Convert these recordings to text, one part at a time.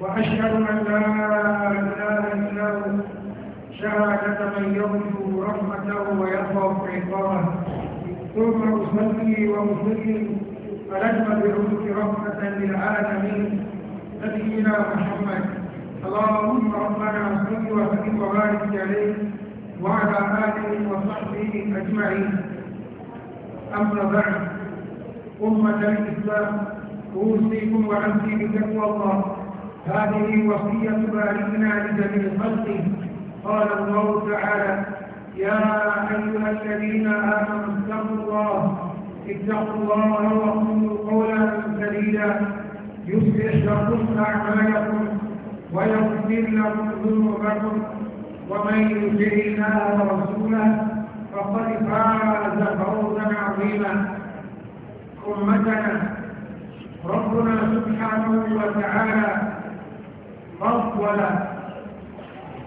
وأشهد أن لا إله إلا هو شهادة من يرجو رحمته ويخاف عقابه ثم أصلي وأسلم فلجم بعلوك رحمة للعالمين نبينا محمد اللهم ربنا صل وسلم وبارك عليه وعلى آله وصحبه أجمعين أما بعد أمة الإسلام أوصيكم ونفسي بتقوى الله هذه وصية بارئنا لجميع خلقه قال الله تعالى يا أيها الذين آمنوا اتقوا الله اتقوا الله وقولوا قولا سديدا يصلح لكم أعمالكم ويغفر لكم ذنوبكم ومن يطع الله ورسوله فقد فاز فوزا عظيما أمتنا ربنا سبحانه وتعالى فضل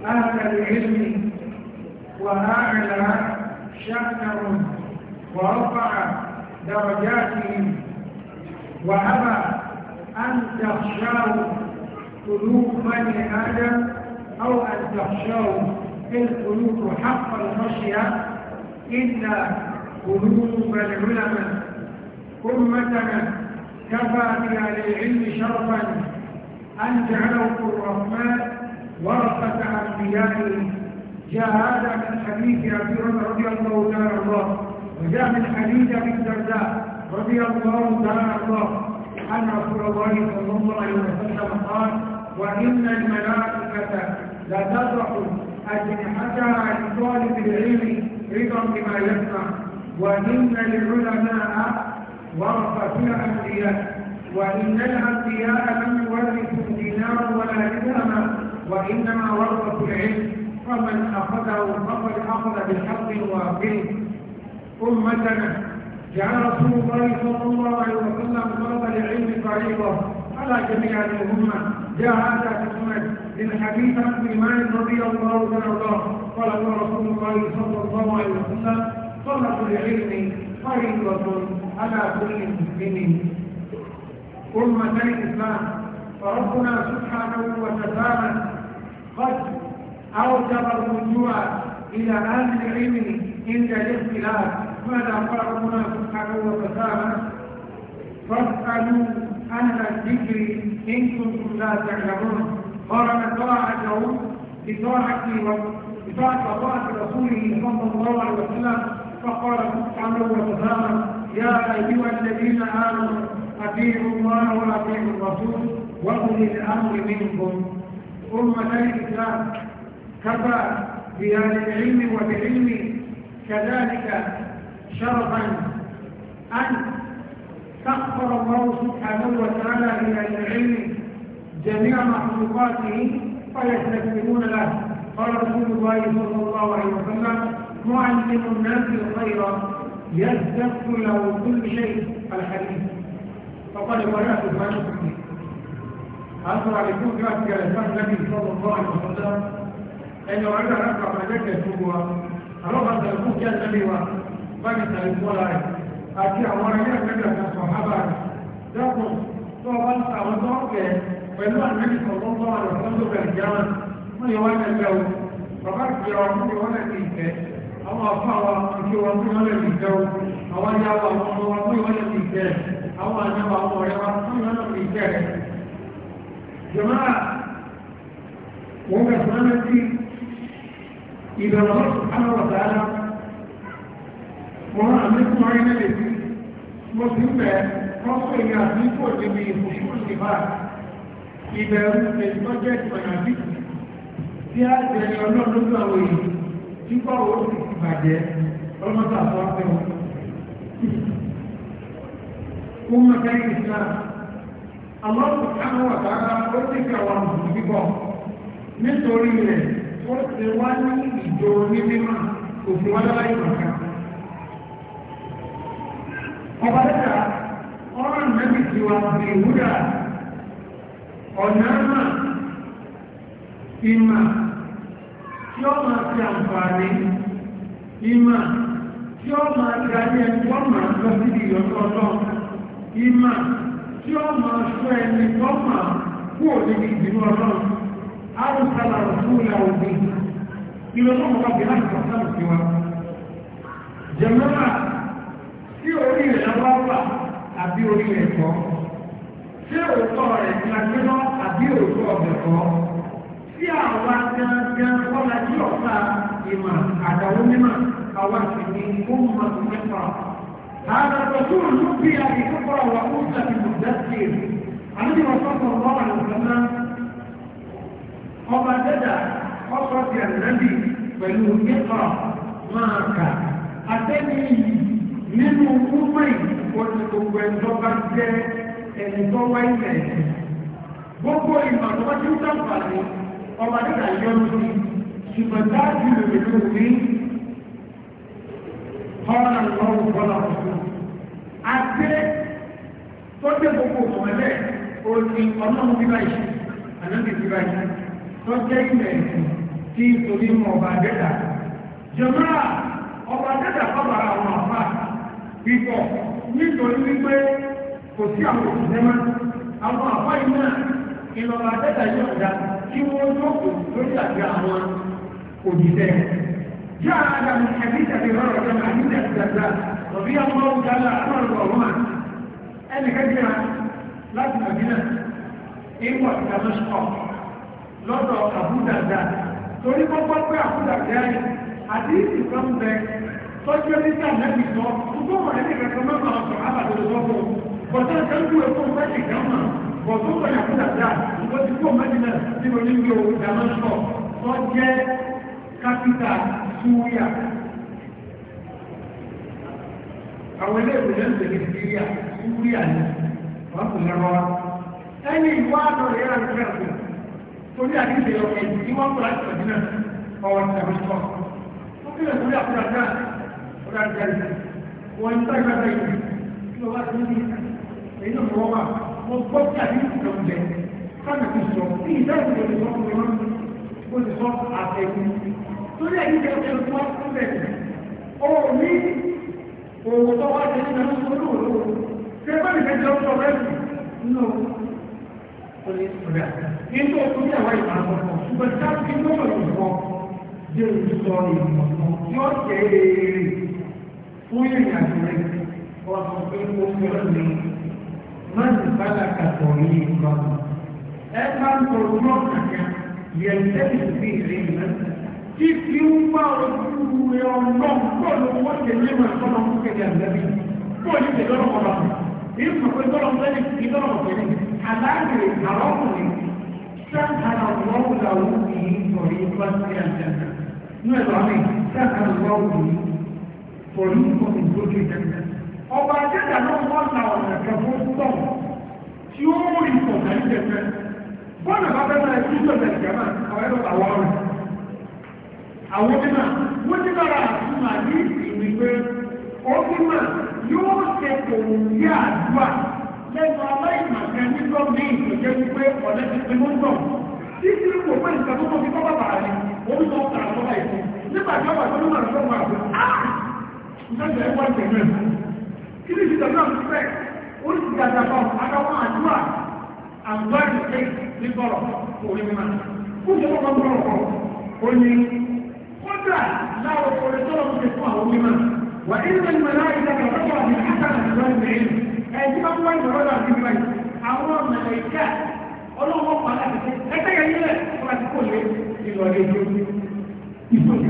أهل العلم وأعلى شأنهم ورفع درجاتهم وأبى أن تخشاه قلوب بني آدم أو أن تخشاه القلوب حق الخشية إلا قلوب العلماء أمتنا كفى من أهل العلم شرفا أن جعله الرحمن ورثة أنبيائه جاء هذا من حديث أبي رضي الله تعالى عنه وجاء من حديث أبي الدرداء رضي الله تعالى عنه أن رسول الله صلى الله عليه وسلم قال وإن الملائكة لتضع أجنحتها لطالب العلم رضا بما يسمع وإن العلماء ورثتنا أنبياء وإن الأنبياء لم يورثوا دينارا ولا درهما وإنما ورثوا العلم فمن أخذه فقد أخذ بحق واقع أمتنا جعل رسول الله صلى الله عليه وسلم فرض العلم فريضة على جميع الأمة جاء هذا في من حديث أبي مالك رضي الله عنه قال رسول الله صلى الله عليه وسلم طلب العلم فريضة على كل مسلم أمة الإسلام فربنا سبحانه وتعالى قد أوجب الرجوع إلى أهل العلم عند الاختلاف ماذا قال ربنا سبحانه وتعالى فاسألوا أهل الذكر إن كنتم لا تعلمون قارن طاعته بطاعة بطاعة طاعة رسوله صلى الله عليه وسلم فقال سبحانه وتعالى يا أيها الذين آمنوا أطيعوا الله وأطيعوا الرسول وأولي الأمر منكم أمة الإسلام كفى بأهل العلم وبالعلم كذلك شرفا أن سخر الله سبحانه وتعالى إلى العلم جميع مخلوقاته فيستكبرون له قال رسول الله صلى الله عليه وسلم معلم الناس خيرا يزدق له كل شيء الحديث فقد قرأت فاشق أصبح لكم كانت كلمات النبي صلى الله عليه وسلم أنه عند رفع ملك السبوة رفع تلقوك النبي وفاني تلقوا لك أتي أمرنا كذا الصحابة تقول طوال سأمتعك فإنه النبي صلى الله عليه وسلم كان جامل من يوانا الجو فقد يوانا يوانا تلك àwọn afáwa ìṣe wọn pé wọ́n lè fi jẹ́ o àwọn ìyá wa àwọn ọmọ wa pé wọ́n lè fi jẹ́ àwọn àná wa àwọn ọ̀rẹ́ wa pé wọ́n lè fi jẹ́ jọ̀mọ́ wọn bẹ̀ fún ọ́nà sí ìbẹ̀rù ọ̀sán àwọn ọ̀sán àná wọn àmì kúmọ̀ ayé lè fi mo ti ń bẹ̀ wọ́n pè ní àdínkù níbi ìfòṣùwọ̀n ti bá ìbẹ̀rù èyí tó tí a jẹ́ ọlọ́run lójú àwọn èèyàn tí kọ́ ó sì ti bàjẹ́ ọlọ́mọta àtọ́ ọ̀fẹ́ wọn. Wọ́n máa ká ìrìn náà. Àwọn ọ̀pọ̀ wà dára ó sì kà wà lùdù bíbọ̀. Nítorí rẹ̀, ó ti wá ní ìjọ ní mímọ́ òfin wá lára ìmọ̀ká. Ọba dẹ́ta, ọ̀rọ̀ nàbì ti wà ní ìwúdà. Ọ̀nà náà, ìmọ̀ tí ó máa fi àǹfààní ìmà tí ó máa fi ayé ẹni wọ́n máa lọ sí ìyọ̀tọ̀ ọlọ́run ìmà tí ó máa sọ ẹni wọ́n máa kú òdìdí ìdìbò ọlọ́run arúgbálà òfúlà òbí ìlọ́tọ̀ ọ̀gá bí láti pàtàkì òkè wa jẹ̀mọ́ra tí orí rẹ̀ wá wà àbí orí rẹ̀ kọ́ ṣé òótọ́ rẹ̀ ìlàgbẹ́nà àbí òótọ́ ọ̀bẹ̀ kọ́ tí àwa gangan kọ́lá tí ọ̀pá ìmọ̀ àdáwó mímọ̀ àwa sì ní ọmọ mẹ́fà. هذا الرسول نبي بكفر وأنثى المدثر النبي صلى الله عليه وسلم ọba dẹ́dà ọkọ̀ ti ànábì pẹ̀lú kíkọ̀ máa nínú kúmọ̀ ìkọ̀tí ẹ̀tọ́ bá jẹ́ ẹ̀tọ́ wáyé gbogbo ìmọ̀ tó bá ti ń sàǹfààní ọba tí a yọ lórí ṣùgbọ́n dájú lórí lórí kọ́nà lọ́wọ́ bọ́lá ọ̀sùn. Àti tó dé gbogbo ọ̀mọ̀lẹ́ òní ọlọ́run bí báyìí, ànábì bí báyìí, tó jẹ́ ilẹ̀ ẹ̀sìn tí torí mọ̀ ọba dẹ́dà. Jọ̀mọ́ra ọba dẹ́dà kọ́bàrà àwọn àfà pípọ̀ nítorí wípé kò sí àwọn òṣìṣẹ́ mọ́. Àwọn àfà yìí náà ìlọ́ba àtẹ́tà yóò dá kí wọ́n jókòó lórí àti àwọn òjìṣẹ́ جاء هذا من حديث ابي هريره كما عند الدرداء رضي الله تعالى عنه وارضاه ان كثيرا لا تمكن ان وقت دمشق لọ́dọ̀ àbúdàdà torí kọ́kọ́ pé àbúdàdà yìí àdíyìí kan bẹ tọ́jú ẹni tí àlẹ́bí sọ gbogbo wọn ẹni kankan mẹ́fà ọ̀sán àbàdàn lọ́wọ́ bọ̀dá ìjọba ìwé fún mẹ́sì kan náà wọ́n tó kọ̀ yàtọ̀ dàda wọ́n ti kó mẹ́tìlẹ̀ nínú nílò dàmẹ́sọ̀ tó jẹ́ kápítà súwíà àwọn ilé ìròyìn ìgbèrè síríà súwíà ni wọ́n kò lẹ́rọ wa ẹni ìwá àtọ̀rẹ̀ yára ní kẹ́ẹ̀kọ́ torí àdíṣe ọkọ̀ ìdí tí wọ́n kọ̀ láti ọ̀dí náà ọwọ́ ti dàmẹ́sọ̀ ó kí lẹ̀ sórí àkúrà náà ó dájú wọ́n ń tẹ́gbẹ́ mo gbọ́ tí àbí ìlú jẹ káàkiri ti sọ ní ìdáhùn ìlú ìlú ọkùnrin wọn ó ti sọ àtẹ̀kùn torí ẹ̀yìn jẹ́ ọ̀sẹ̀ tó wá fún bẹ̀rẹ̀ ó òwò tó wá jẹ́ nínú ẹ̀sùn olóòrò ṣé bẹ́ẹ̀ ni ẹjọ́ sọ rẹ̀ nù ó ní ìtura nígbà tó ní àwọn ìmọ̀ àwọn ṣùgbọ́n táàbí lọ́wọ́ ìwọ jẹ́ ìsọ ìmọ̀ yóò jẹ́ èrè fún ìrìn àjò ó من سلك طريقا أمن طريقا يلتمس فيه علما كيف يوفر يوم كل وجه لما صنع كذا النبي كل كذا رمضان يسمع كل ضرب ذلك في ضرب ذلك حلال حرام سهل الله له به طريقا إلى الجنة نقول عليه سهل الله به طريقا من كل جنة ọba akẹ́kọ̀ọ́ náà wọ́n na ọ̀nà kẹfọ́ tọ̀ tí ó mú ìtọ̀ náà ń tẹ̀fẹ́ bọ́ọ̀nà bá bẹ́ẹ̀ náà ẹ̀kú tọ̀tẹ̀ ìjàmà ọ̀rẹ́ lọ́ta wọ́n rẹ̀ àwọn mímọ̀ wọ́n ti bára àtúmọ̀ ní ìsinmi pé ọ́fíìmọ̀ yóò ṣe òun yá àdúrà lẹ́nu aláìmọ̀kẹ́ nígbọ́ ní ìtọ̀jẹ́ wípé ọ̀lẹ́ ti fi mú tọ̀ títí kò pé nǹkan tó mọ̀ fi kọ́ bàbà rẹ̀ òun sọ ọ̀tà àtọ́lá ìfún nígbà kí ni ìṣẹ̀lẹ̀ náà ti fẹ́ ó sì dàgbà bọ̀ àtàwọn àdúrà àdúrà ti pé ní bọ̀rọ̀ kò rí mímá kó jẹ́ kó kọ́ kọ́ ó ní kódà láwọn ọ̀rẹ́ tó lọ́wọ́ ti fún àwọn mímá wà ní ìlú ìmọ̀lá ìjọba lọ́wọ́ àti àtàlà ìjọba ìgbẹ̀yìn ẹ̀jẹ̀ bá wọ́n ìjọba lọ́wọ́ àti ìgbẹ̀yìn àwọn mẹ̀lẹ̀kà àwọn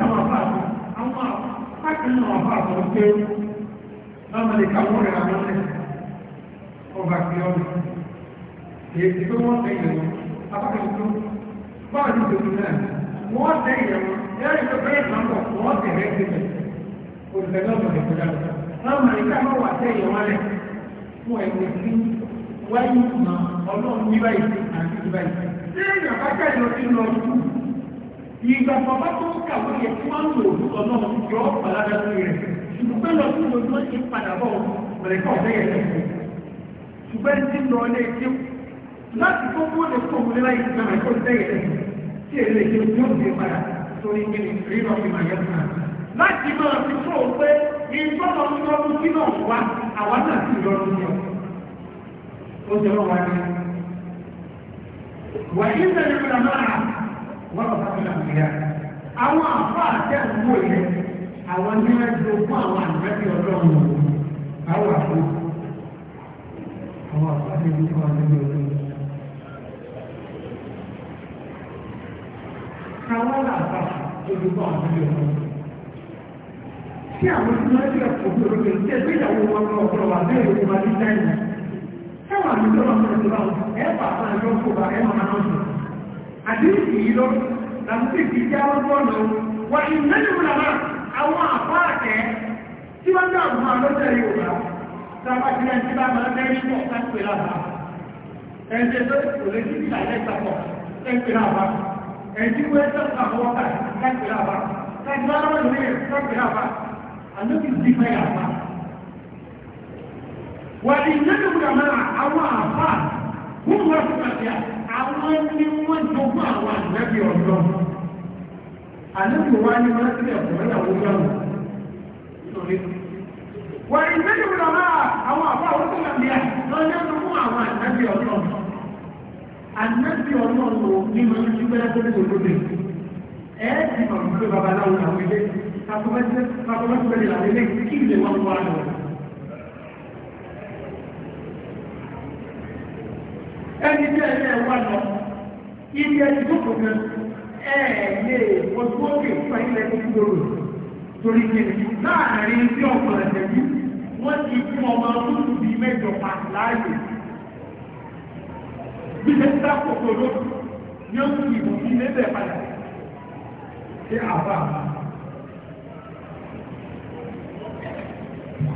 àbáàbọ̀ àwọn àpákan náà láwọn lè kàwọ́ rẹ̀ àwọn ọ̀sẹ̀ ọba pé ọ̀rọ̀ èyí tó wọ́n tẹ ìyẹ̀wò apákan tó báwọn ní ìdòdó náà wọ́n tẹ ìyẹ̀wò yẹ́rì tó bẹ́ẹ̀ kan bọ̀ wọ́n tẹ̀ rẹ̀ tẹ̀lẹ̀ olùfẹ́ lọ́sọ̀ lè kọjá lọ láwọn lè ká wọ́n wà tẹ ìyẹ̀wò alẹ̀ fún ẹ̀wọ̀ sí wáyé ìmọ̀ ọlọ́run ní báyìí àti ní báyìí tí èèyàn bá jáde lọ sínú ọdún ìgbà bàbá tó kàwé yẹ kí wọ́n lò ó lọ́nà yọ ọ́ ṣùgbọ́n lọ sí ìwé tó ti padà bọ̀ bẹ̀rẹ̀ kọ́ ọ̀fẹ́ yẹn lẹ́yìn ṣùgbọ́n ti lọ ilé tí láti tó kó lè kó wọlé láyé ìgbà máa kó lẹ́yìn lẹ́yìn tí èlé ìṣe tí ó ti padà torí kíni rírọ fi máa yẹ fún láti máa fi fún òun pé ìtọ́nà lọ́dún sí náà wá àwa náà sì lọ́dún yọ ó jẹ́ wọ́n wá ní wà ní ìṣẹ̀lẹ̀ ìgbà máa wọ́n lọ sí àwọn àfáà jẹ́ òwú ìyẹn àwọn ní wọ́n ti fún àwọn àgbẹ̀bí ọlọ́run àwọn àpò àwọn àpò àti ìlú kan nínú ọdún. Àwọn làbà ojú kan àti ìlú ọdún. Tí àwọn tí wọ́n ti ọ̀pọ̀ òbí olóògbé ń tẹ́ gbéyàwó wọn lọ ọ̀pọ̀lọ̀ wà bẹ́ẹ̀ ló wà ní China. Táwọn àmì tó máa ń tẹ̀lé báwọn ẹ̀ pàpà ẹ̀rọ kò bá ẹ̀ máa náà sùn. Àdéhùn yìí lọ, làbúkè ti já wọn bọ́ọ̀lù wà ìnáyẹ̀wò àwọn àbáàkẹ́ tí wọ́n dá àwọn alọ́jẹ́ Yorùbá sábà tí wọ́n ti bá máa lẹ́rí pọ̀ sápẹ́ lábá ẹ̀jẹ̀ tó kò lè sí ìlàlẹ́ ìsapọ̀ sápẹ́ lábá ẹ̀jí wọ́n ẹ̀ sọ́kà àwọn ọ̀kà sápẹ́ lábá sápẹ́ lábá lórí ẹ̀ sápẹ́ lábá àlókì sí fẹ́ lábá. wà ní ìlẹ́dùnkà máa àwọn àbá wọ́n wọ́n fún àti àwọn ẹni wọ́n jogún àwọn àgbẹ̀bí ọ̀dọ́ àlejò wa ni wọ́n sílẹ̀ fún ìyàwó yàwó nítorí. wà ìgbẹ́jọ́ wọn máa àwọn àbá àwọn tó làbí à lọ́jọ́ tó fún àwọn ànábì ọ̀nà ànábì ọ̀nà ló ní mo ní ṣúgbẹ́ láti ní òdòdó ẹ̀ ẹ́ ti mọ̀ nípa babaláwo làwọn ilé kàkọ́mẹ́sẹ̀ làwọn ilé ẹ̀ẹ́lẹ́ ojú òkè fún ilẹ̀ tó gbòòrò torí kìí láàrin tí ọ̀pọ̀ ẹ̀tẹ̀jú wọ́n ti fún ọmọ lóṣù bí mẹ́jọ pàtó láàyè bí ṣe ń dápò tòró ní ó tún ìbò sí ilé bẹ̀ padà ṣe àbá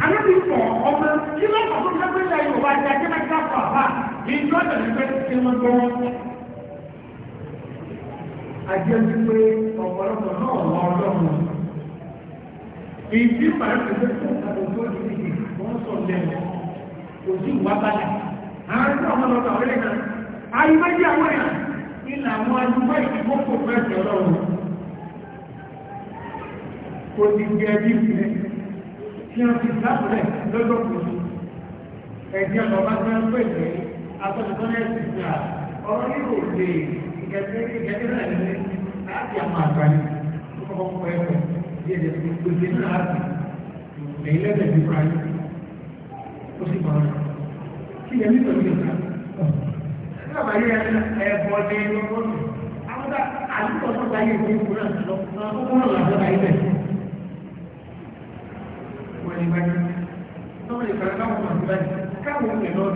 alábìsọ̀ ọmọ kí lọ́pọ̀ tó ṣẹ́gbẹ́ ilẹ̀ Yorùbá jẹ́ kí wọ́n dápò àbá ìjọ́ ìdẹ̀lẹ́gbẹ́ tí wọ́n gbọ́ ajẹ́ wípé ọ̀pọ̀lọpọ̀ náà wọ́n ọlọ́run ìdí pàtàkì pé fún àdókò ìdíje wọ́n sọ lẹ́nu kò sí ìwà balẹ̀ àwọn tí wọ́n lọ́ta ọ̀rẹ́ náà ayé méjì àwọn èèyàn ilà àwọn adúgbò ìdìbò kò fẹ́ sí ọlọ́run kò sì gbé ẹbí sílẹ̀ tí wọ́n ti sábẹ̀ lọ́dọ̀ kò sí ẹ̀jẹ̀ lọ́ba tí wọ́n pè é àtọ́jú tó ní ẹ̀sìn ìgbà ọ̀rọ̀ nígbò gbé ìgẹ̀gẹ̀ náà ní láti àwọn àgbáyé tó kọ́kọ́ kọ́ ẹ̀kọ́ bí ẹ̀jẹ̀ tó gbèsè náà láti lẹ́yìn lẹ́sẹ̀ tó fura yìí ó sì mọ̀ ọ́n kí ẹ̀ ní pẹ̀lú ìgbà nígbà yẹ ẹ̀bọ̀ ní ọgbọ́n àwọn àdúgbò tó ta yẹ ìwé ìwé náà lọ àwọn ọmọ náà lọ́dọ̀ ayé bẹ̀. wọ́n ní báyìí tọ́wọ́ ìgbà káwọn ọmọ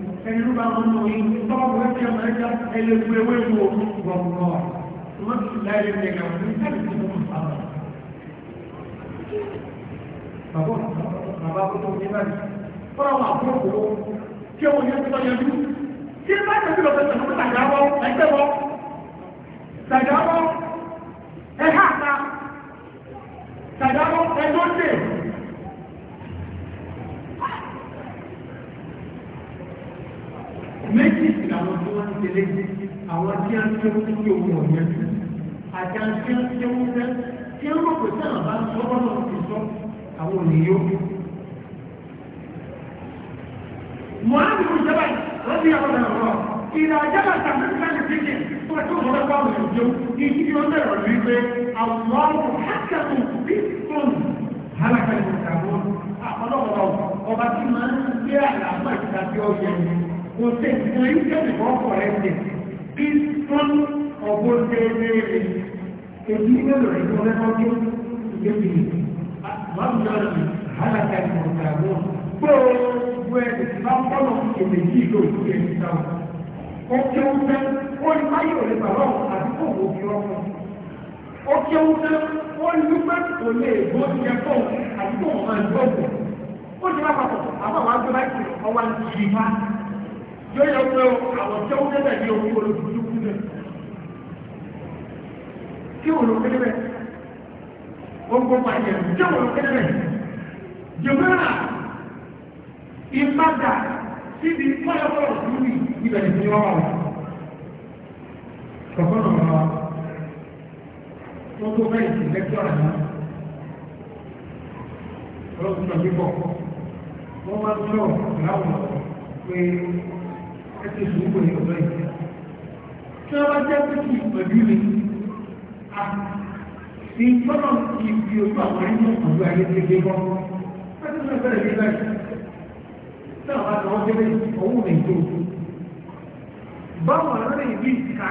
ẹni ló bá wọn nù yín tọ́wọ́ bọ̀ ẹ́kẹ́ ọmọ ẹ̀ka ẹlẹ́ fún ewé wo gbọ̀ngàn wọ́n ti láyé ẹ̀ka wọ́n ti sẹ́yìn tó mọ̀ sábà. Bàbá bàbá kó tó ní báyìí. Fọ́nà wà fún òkú kí ọmọ yẹn tó yẹn méjì làwọn tí wọ́n ti tẹ̀lé àwọn tí wọ́n ti ń fi owó ọ̀yẹ́ tó àjà tí wọ́n ti ń fẹ́ tí wọ́n mọ̀ pé sáà bá sọ́wọ́ náà ti sọ àwọn ònìyó. mọ́àlù ń sábà wọ́n ti yàgò náà rọ̀ ìlà àjábà tàbí sáàlì tẹ́lẹ̀ tó wà tó wọ́n bá wọ̀ ẹ̀jọ́ ìdí yóò bẹ̀rọ̀ rí pé àwọn ọ̀rọ̀ hákàtù bí fóònù hálákàtù tàbí ọ̀pọ̀lọpọ̀ ọba tí máa ń gbé àlàmọ́ ìtàbí ọ̀yẹ́ kò sí nǹkan ìjọba kan kọ̀rẹ́ tẹ̀ kí wọ́n ọ̀gbọ́n tẹ ẹgbẹ́rẹ́ èyí mélòó rẹ̀ tó lẹ́kọ́ tó ìgbésí lọ́dún hálàkà ìmọ̀ta lọ́wọ́ gbogbo ẹ̀sìn bá fọ́lọ̀ èdè yìí ló ń ṣe ìta wọn. ó kí ó tẹ́ ó ní báyìí ò lè bàbá òun àdúgbò wò fi ọkọ̀. ó kí ó tẹ́ ó ní wípé kò lè bó ti yẹ fọ́ àdúgbò wọn máa ń gbọ́ bọ̀. ó ti bá papọ̀ àbáwá gbé báyìí ọwọ́ àti ìfá yóò yọ pé àwọn tí ó dẹ́gbẹ̀ ní orí olùdókòwò náà kí olùkéré bẹ̀ gbogbo pàṣẹ kí olùkéré bẹ̀ jùmọ́nà ìpadà síbi pọ́lọ́pọ́ òṣùlù ibẹ̀ ní wọ́n wà kọ̀kọ́nà wà wọ́n tó bẹ́ẹ̀ sí lẹ́kítọ́ àná ọlọ́pùtọ̀ bíbọ̀ wọ́n máa ń lọ láwọn pé kake su ko ne bai ta ba ta kake bari ne a ti fara ki biyo ba wani ne ko ba ne ke ba ta ta ba ne ba ta ba ta wata ne ko ne to ba ma ne bi ka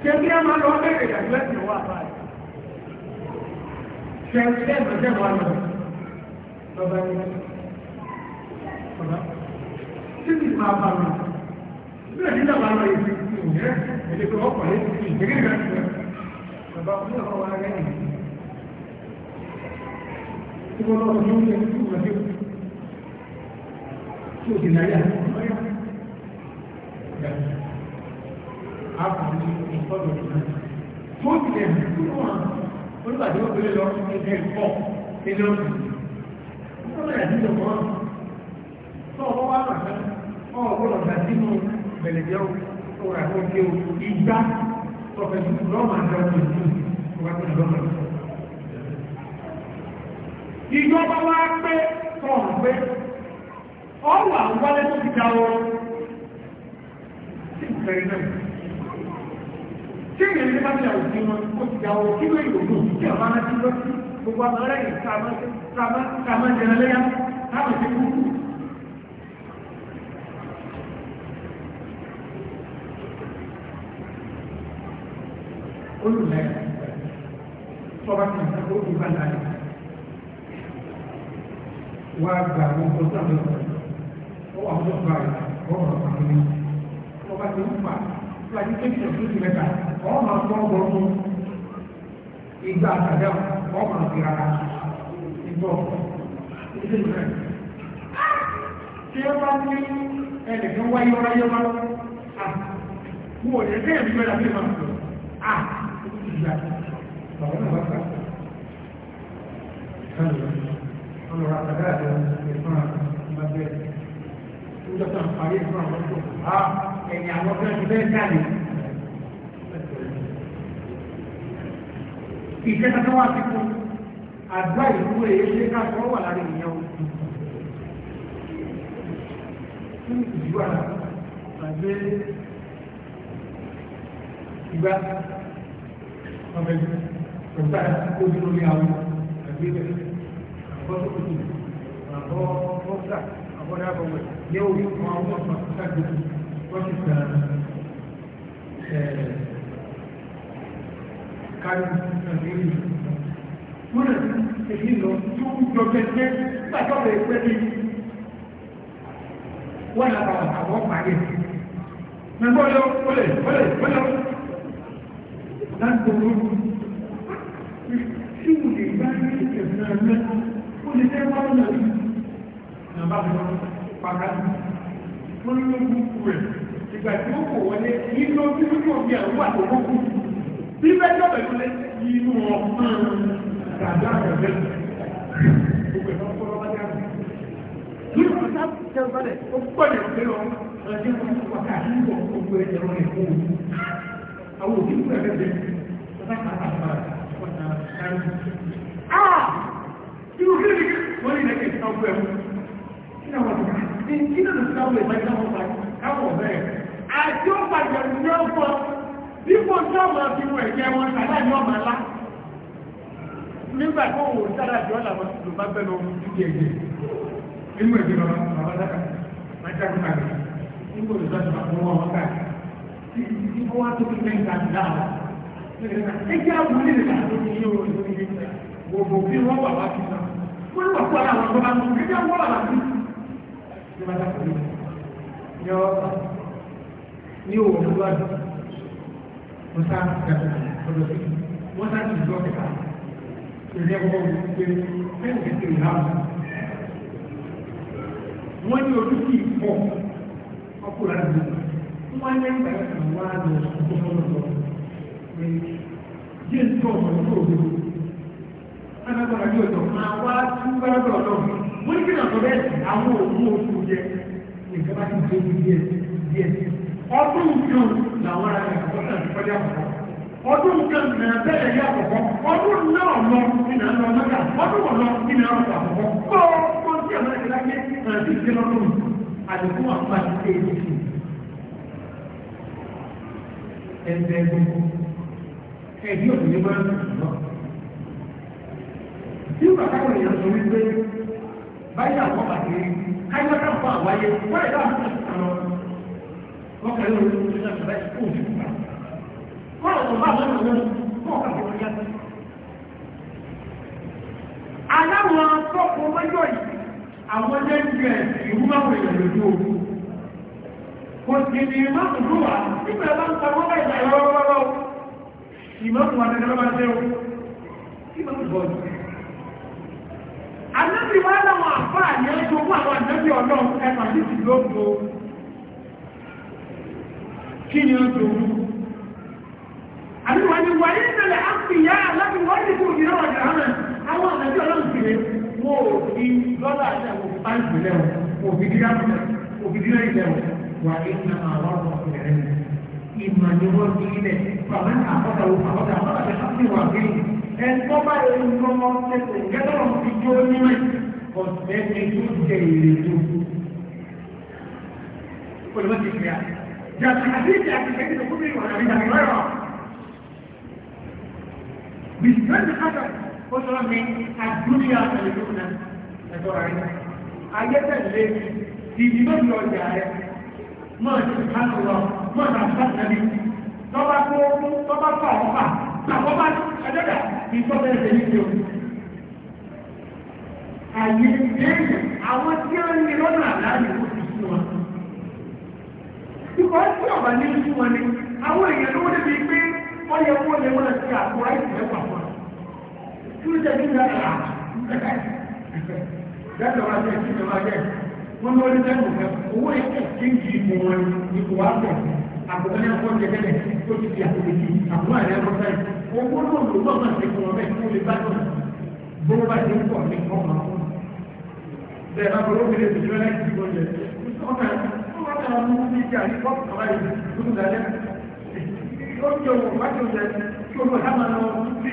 ji bí a máa lọ bẹ̀rẹ̀ lọ́ba ní ọ̀nà tí kì máa bá wọn bẹ́ẹ̀ nígbà máa lọ èsì ìyẹn ẹ̀lẹ́gbẹ̀ ọkọ̀ èsì ìgbẹ́gẹ́ ìgbà tí wọ́n bá wọn ní ọ̀rọ̀ wọn rẹ̀ nìyí. tí wọ́n ní oúnjẹ tí wọ́n lọ́wọ́ tí òkè náà yà àkùnrin ìfọ́dọ̀ ìlú tó tilẹ̀ ní wọ́n olùbàdàn lọ sí ẹgbẹ́ ìfọ́ àdúgbò kan tó ọwọ́ wá pàṣẹ ọ ọgbọ́dọ̀ gbà sínú bẹ̀lẹ̀jẹ́ o rà fún kí o ìgbà tọ̀fẹ̀sì lọ́mọ àjọ tó ju ọba tó lọ́mọ àjọ. ìjọba wá pé kọ̀ọ̀n pé ọwọ́ àwọn wálé tó ti dáwọ́ sí ìfẹ́ náà tí èèyàn ní ti àwọn wọn ó ti dáwọ́ kí ló ìrònú kí àwọn aláṣẹ lọ sí gbogbo àwọn ará yìí kàmá jẹrẹ lẹ́yà káwọn ti kú. olùlẹ̀ tọ́ba kan ní kó ìgbà náà wá gba àwọn ọ̀dọ́ sábẹ́ ọ̀dọ́ wọ́n wà ọ̀dọ́ bá rẹ̀ ọ̀rọ̀ ọ̀dọ́ ní ọba tó ń fà fúlàjì kékeré tó ti rẹ̀ ká ọ̀rọ̀ máa gbọ́ ọ̀gbọ́n ìgbà àtàdá ọmọ ìgbà ìbọ̀ ìdílé tí ó bá ní ẹnìkan wáyé wáyé wá mú òye tí èmi mẹ́ra bí ma sọ à ìgbà bàbá náà bá ká ọlọ́rọ̀ àtàdá àti ìfún àmà bẹ́ẹ̀ ń jọ́ta àpárí ìfún àwọn tó ẹ̀yìn àwọn tó ń bẹ́ẹ̀ ìkẹta tó wà sí fún àdúrà ìlú èyí ṣe ká sọ wà láàrin ìyẹn o fún ìjúwà àgbé ìgbà ọmọ ẹgbẹ́ ọ̀gbà ojú lórí àwọn àgbébẹ̀ àbọ́sọ̀kùtù àbọ̀ ọ̀sà àbọ̀dàbọ̀wẹ̀ yẹ́wò àwọn ọmọ ọmọ ṣàgbéjì wọ́n ti sàn ẹ̀ẹ́ kárí múnà èyí lọ tó ń jọ pẹ́pẹ́ gbàtọ́ rẹ̀ pẹ́ ní wọ́n náà bàbà àwọn pàdé mẹ́gbọ́n lọ wọlé wọlé wọlé láti gbogbo tí mo lè bá ní ìtẹ̀sán ẹgbẹ́ ó lè fẹ́ wá náà ní nàbà lọ pàdé wọ́n ló gbogbo rẹ̀ ìgbà tí ó kò wọlé ní lọ́dún tó bí àwọn àtọ̀gbọ́kùn bí bẹ́ẹ̀ jẹ́ pẹ̀lú lé inú ọ̀gbọ́n gàdá rẹ̀ Ah! Irú kí ni wọ́n ní lẹ́kẹ̀ẹ́ ìtàkùn ẹ̀mú? Kí náà wọ́n ti ká? Kí náà lọ sí àwọn ìbájá wọn bá káwọn bẹ́ẹ̀? Àjọ́ pàjẹ́ ìjọ́ fún dípò tí ụmụ fi wọ ẹ̀jẹ̀ wọn kàdá ní ọmọ alá nígbà tó wò ó sára jọ làwọn bá bẹ̀rẹ̀ ẹ̀jẹ̀ nínú ẹ̀jẹ̀ lọ máa tó fún wọn ká tí wá tó fi mẹ́ nǹkan gbogbo bí wọ́n wà wá fi sàn wọ́n wọ́n sá gàdúrà ọ̀dọ̀ sí wọ́n sá ti dùn ọ̀kẹ́ta ìrìn ẹ̀kọ́ pé bẹ́ẹ̀ kẹ́kẹ́ rẹ̀ wọ́n ní ojú sí ìpọ̀ ọkùnrin àti ìlú wọ́n ní ẹgbẹ́ kan wá lọ sọ́kọ́ lọ́wọ́ pé yé ń tọ́ ọ̀rọ̀ tó òdo alágbára ní ọjọ́ àwa tún gbára lọ́wọ́ wọ́n ní kí n àtọ́ bẹ́ẹ̀ àwọn òun oṣù jẹ nǹkan ti ọdún kan làwọn ará ìyàwó náà ti fẹ́ yàwó ọdún kan náà bẹ́ẹ̀ yà àkọ́kọ́ ọdún náà lọ nínú ẹ̀rọ mẹ́ta ọdún wọn lọ nínú ẹ̀rọ àkọ́kọ́ kọ́ kó sí ẹ̀rọ ìdájẹ́ àti ìdílọ́dún àdìkú àpàtì èyí sí ẹgbẹ́ gbogbo ẹ̀dí òṣèlú o ń lọ. Tí bàtàkùn èèyàn sọ wípé báyìí àwọn bàtẹ́ káyọ̀ náà fún àwáyé wọ́n ẹ̀dá àti ìtàn lọ wọ́n kàn lórí ojú ìjọba ìjọba ìkó òjú pa. Wọ́n lọ bá àwọn ọmọ náà mọ̀ àwọn ọmọ yá. Aláwọ̀ tọ́kọ mẹ́jọ yìí, àwọn ọjọ́ ìjọ ẹ̀ ìwúmáwò èèyàn lójú ogun. Kò sì ní ìmọ̀tò ló wà nígbà bá ń ta wọ́n bá ìgbà lọ́wọ́lọ́wọ́. Ìmọ̀tò wà dandan lọ́wọ́ ṣe o. Ìmọ̀tò bọ̀ jù. Àlébì kí ni ó dòwú àbíwọ̀n ni wà ní ìrìnlẹ̀ àpìyà láti wọ́n ti fún ìrọ̀ ọ̀dà hàn àwọn àgbẹ̀jọ́ ọlọ́run kìlẹ̀ mo ò fi dọ́là àti àwọn báńkì lẹ́wọ̀ mo fi dírá mo fi dírá ìlẹ̀wọ̀ wà ní ìlànà àwọn ọ̀rọ̀ ọ̀rẹ́ rẹ̀ ìmọ̀ ni wọ́n fi ilẹ̀ pàmò àkọ́tà àkọ́tà àkọ́tà ti hàn sí wà bí ẹ̀kọ́ bá yẹ kí wọ́n mọ́ tẹ̀sẹ̀ gẹ́gẹ́ wọn fi jó nímọ̀ ọ̀sẹ̀ ẹni tó jẹ ìrètò olùmọ̀ ti fi àná ده الحديث عن الحديث الكبري وعن ابي هريره بالذات حسن قدرة من الدنيا الأولى أتوعين آية التي في جبل الجاهل ما سبحان الله ما سبحان النبي طبعا طبعا طبعا طبعا أجدع في طبعا الجاهل Àyè ìgbéyìn àwọn tí ó ń ní lọ́nà àlàyé ó ti sí wọn. Ìkọ̀ tí ọ̀bà ní ojú wọn ni, àwọn èèyàn ló wọlé bíi pé wọ́n yẹ kó lè máa ṣe àpò àìsàn ẹ̀kọ́ àwọn. Kí ló jẹ́ kí ní àṣà? Bẹ́ẹ̀ni ọba jẹ́ kí ìjọba jẹ́. Wọ́n ní wọlé bẹ́ẹ̀ mọ̀fẹ́, owó ẹ̀kọ́ kí ń di ìmọ̀ wọn ni kò wá pọ̀. Àbùkù ní ọkọ̀ jẹ́gẹ́lẹ̀ tó ti di àpò méjì, àbúrò àrẹ ọkọ̀ sáyé. Owó náà ló wọ́n máa ṣe fún ọ bẹ́ẹ̀ kó lè bá tọ̀. Bó bá ti ń pọ̀ ní ọmọ àwọn. Bẹ́ẹ̀ kọ́kànlá mú bí i àti kọ́kànlá ìlú tó dálẹ́ ó jẹ́ òwò májò jẹ́ kí olú hàmà lọ sí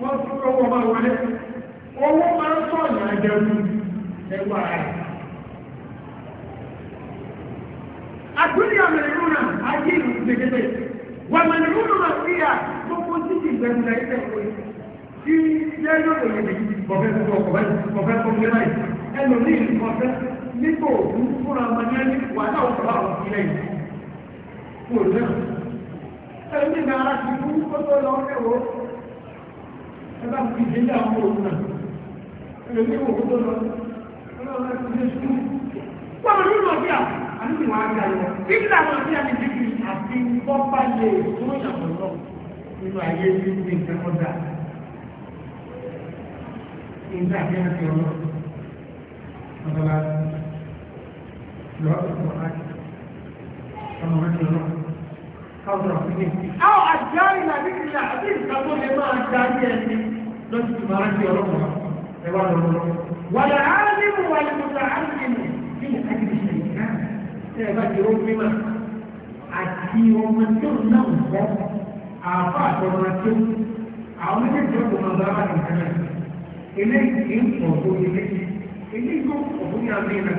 wọ́n tún lọ́wọ́ máa wọlé owó máa ń sọ ọ̀nà àjẹrù ẹwà rẹ̀ àdúnyà mẹ́rin náà ayé ìlú gbẹgbẹ wà mẹ́rin náà sí à gbogbo títí ìgbẹ̀rù náà ẹ̀kọ́ tí yẹ́ yóò lè bọ̀fẹ́ fún ọkọ̀ báyìí bọ̀fẹ́ fún ọkọ̀ báyìí ẹlòmíì nígbò òun fúnra wọn ní ẹni wà náà wọ́n bá wọn ilẹ̀ yìí kò náà ẹni nígbà ara ti kú ó tó lọ ẹ̀wọ̀ ẹ bá fi ìdílé àwọn òun náà ẹni nígbà òun tó lọ ọlọ́run ẹ̀ ti dé sùn wọ́n mọ̀ nínú ọ̀bí à àníbi wọn á gbà yọ bíbí làwọn ọ̀bí àti bíbí àti bọ́pá lè tó yàtọ̀ lọ nínú ayé ní nǹkan ọ̀dà nígbà tí wọ́n ti rọ́ ọ̀dọ́lá Àwọn àjárí làbí ìlà àti ìkàtó lè máa darí ẹni lọ́sí ti máa rántí ọlọ́pàá ẹwà lọ́wọ́. Wà láàárín mú wà lùmọ̀ta àrùn ní ìkàtí ìṣẹ̀lẹ̀ náà. Ẹ̀bá ti ó mímọ̀ àti ọmọ tí ó náà ń fọ́ àbá àtọ́mọ tí ilé. Eléyìí ń ní àmì náà.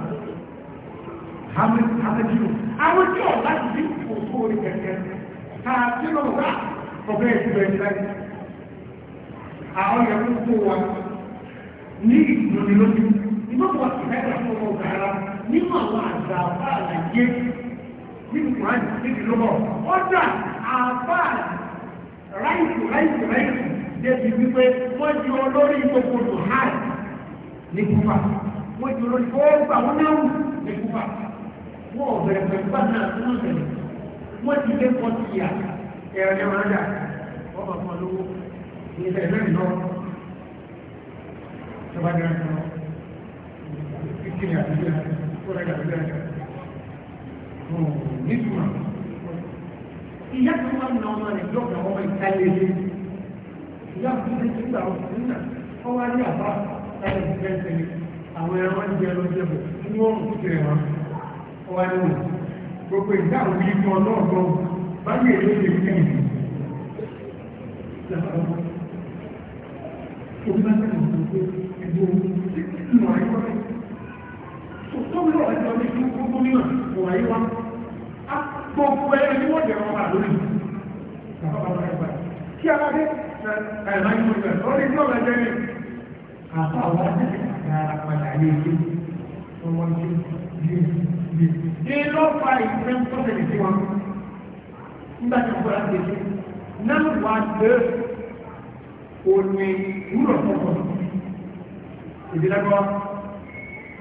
àtẹ̀jù àwọn tí ọ̀ láti bí òkú orí kẹ̀kẹ́ tààtí lọ wá ọ̀bẹ́ ìgbẹ̀ ìlànà àwọn yẹ̀kú tó wà ní ìgbìmọ̀ lójú ìgbọ́pọ̀ ìfẹ́ẹ̀rẹ̀ fún ọmọ ọ̀gára nínú àwọn àgbà àbá àlàyé kúfà wọ́n di olórí gbogbo àwọn náà ní kúfà wọn ò bẹ̀rẹ̀ pẹ̀lú bàtà àti wọn bẹ̀rẹ̀ wọn ti lé pọ̀ sí ìyá ẹ̀rọ ẹ̀rọ ẹ̀dá wọn bá fún ọ lówó ní ẹ̀rọ ẹ̀rọ ìlọ ìjọba ní ẹ̀rọ ìlọ ìkíni àdúgbò ẹ̀rọ ẹ̀rọ ìlọ nítumọ̀ ìyá tó wà nínú ọmọ rẹ̀ yóò gbà wọ́n ilé ìyá tó ti ti gbà wọ́n nígbà wọ́n wá àbá láti fi fẹ́ àwọn ẹran jẹ wá ní wọn gbogbo ìgbà òbí fún ọlọ́ọ̀gbọ́n bá ní èlò lè fi ẹ̀yìn tó bá bẹ̀rẹ̀ gbogbo ẹgbẹ́ ìlú àìkọ́lẹ̀ tó lọ ẹjọ́ ní kí gbogbo mímọ̀ kò wáyé wá gbogbo ẹgbẹ́ tí wọ́n jẹ̀rọ wà lórí kí aládé ẹ̀rọ ìmọ̀lẹ̀ àwọn àti àrà padà ní ilé ọmọ ilé kí ló fa ìfẹ́ tó tẹ̀lé sí wọn nígbà tí wọ́n láti ṣe náà wà gbé òní wúlò fọ́fọ́ ìdílágbọ́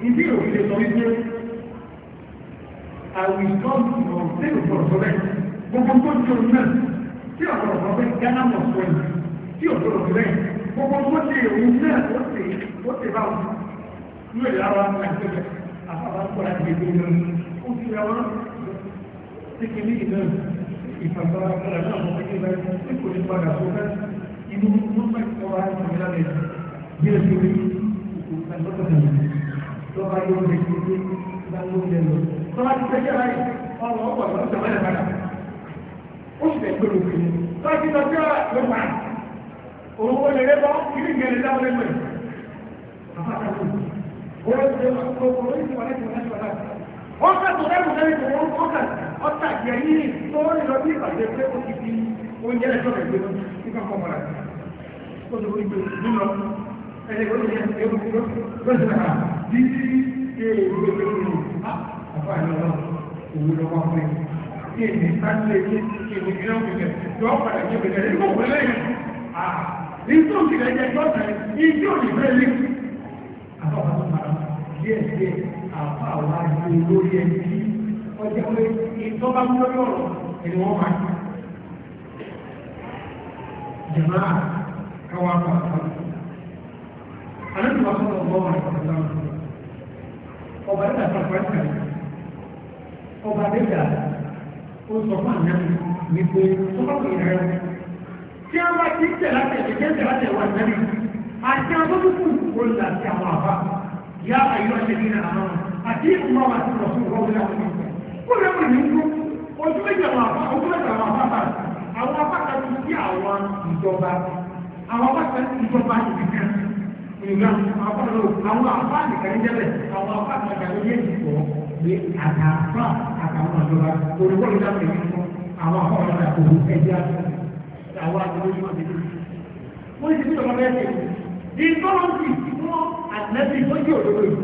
ìdí òfin lè sọ wípé àwùjọ́sì náà nínú sọ̀rọ̀sọ rẹ̀ gbogbo tó ti omi náà tí ọ̀pọ̀lọpọ̀ pé ghana mọ̀ sọ yìí tí ọ̀pọ̀lọpọ̀ rẹ̀ gbogbo tó ti omi náà ó ti bá wọn ní èdè ara wọn àti ẹgbẹ̀rẹ̀ àbá kọ́ra ti gbé lọ ó fi ra wọn sí kìíní ìlú ìfàgbára padà náà wọ́n fi gbé tí kò ní padà tó ká inú wọn bá ti wá sí ìlú lábẹ́ bí èso rí òkú àlọ́kọ̀tà lọ́ba yóò lè fi gbé láńgbó yẹn lọ. tọ́lá ti tẹ́jọ́ láyé ọ̀rọ̀ ọ̀pọ̀ lọ́wọ́ ìjọba yẹn padà ó sì fẹ́ gbèrò pé tọ́lá ti tọ́jọ́ ló pa òun ó lè rẹ́ bọ́ kí ní ìgbẹ́ni láwọn ẹgbẹ́ wọ́n tó lẹ́rù lẹ́rù tó wọ́n kọ́ kà yìí tó rìn lọ bí ìpàdé pé ó ti di oúnjẹ ẹ̀ṣọ́ rẹ̀ gbé nípa kọ́ mọ́ra ó ti rí gbé ẹni ó ti yẹ kí ó ti lọ́sí náà bí i ìgbé ìlú àpá àwọn àgbà díẹ̀ díẹ̀ àpá àwọn àjò olórí ẹni tí ọjọ́ pé ìtọ́ba ń lórí ọ̀rọ̀ ẹni wọ́n máa ń jẹ̀má káwá pàtàkì. Àlejò àkọ́kọ́ ọgbọ́n wà nípa ọba nígbà tó àpá ìkà ọba nígbà ó sọ fún àná wípé tó bá pè tí a bá ti tẹ̀ látẹ̀ tẹ̀ tẹ̀ látẹ̀ wà nẹ́bí àti abọ́dúkù olùdà sí àwọn àbá yá àyọ̀ ẹ̀dí náà àwọn àti ìmọ̀ wa ti lọ́sùn rọ́ọ̀lù àwọn ìgbà ó lè wọ̀ ní kú ojú méjì àwọn àbá ojú méjì àwọn àbá bá àwọn àbá kan ti sí àwọn ìjọba àwọn àbá kan ti ìjọba ìdíkan ìgbà àwọn àwọn àbá nìkan jẹ́bẹ̀ àwọn àbá kan ti yé ìfọ̀ pé àtàfà àtàwọn ìjọba olùkọ́ ìdáhùn ìfọ̀ àwọn àbá ọ̀rọ̀ ìtọ́lọ́sì fún àtìlẹ́sì ìtọ́jú òdodo yìí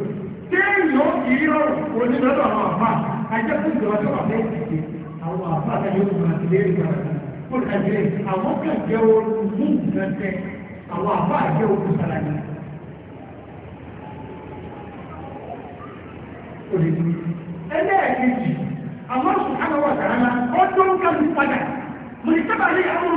téèyàn ó kì í rọrùn onídọ́dọ̀ àwọn àbá ajẹ́kùn ìjọba tó wà bẹ́ẹ̀ ti ṣe àwọn àbá àtàlẹ́ òkùnrin àtìlẹ́ ìgbà kó kàjẹ́ àwọn kàjẹ́ olùmú ìgbẹ́sẹ̀ àwọn àbá àjẹ́ òkú sàlàyé. ẹlẹ́ẹ̀kejì àwọn sùn ánà wà sàrànà ọdún kàmí padà mọ̀ ní sábà ní àwọn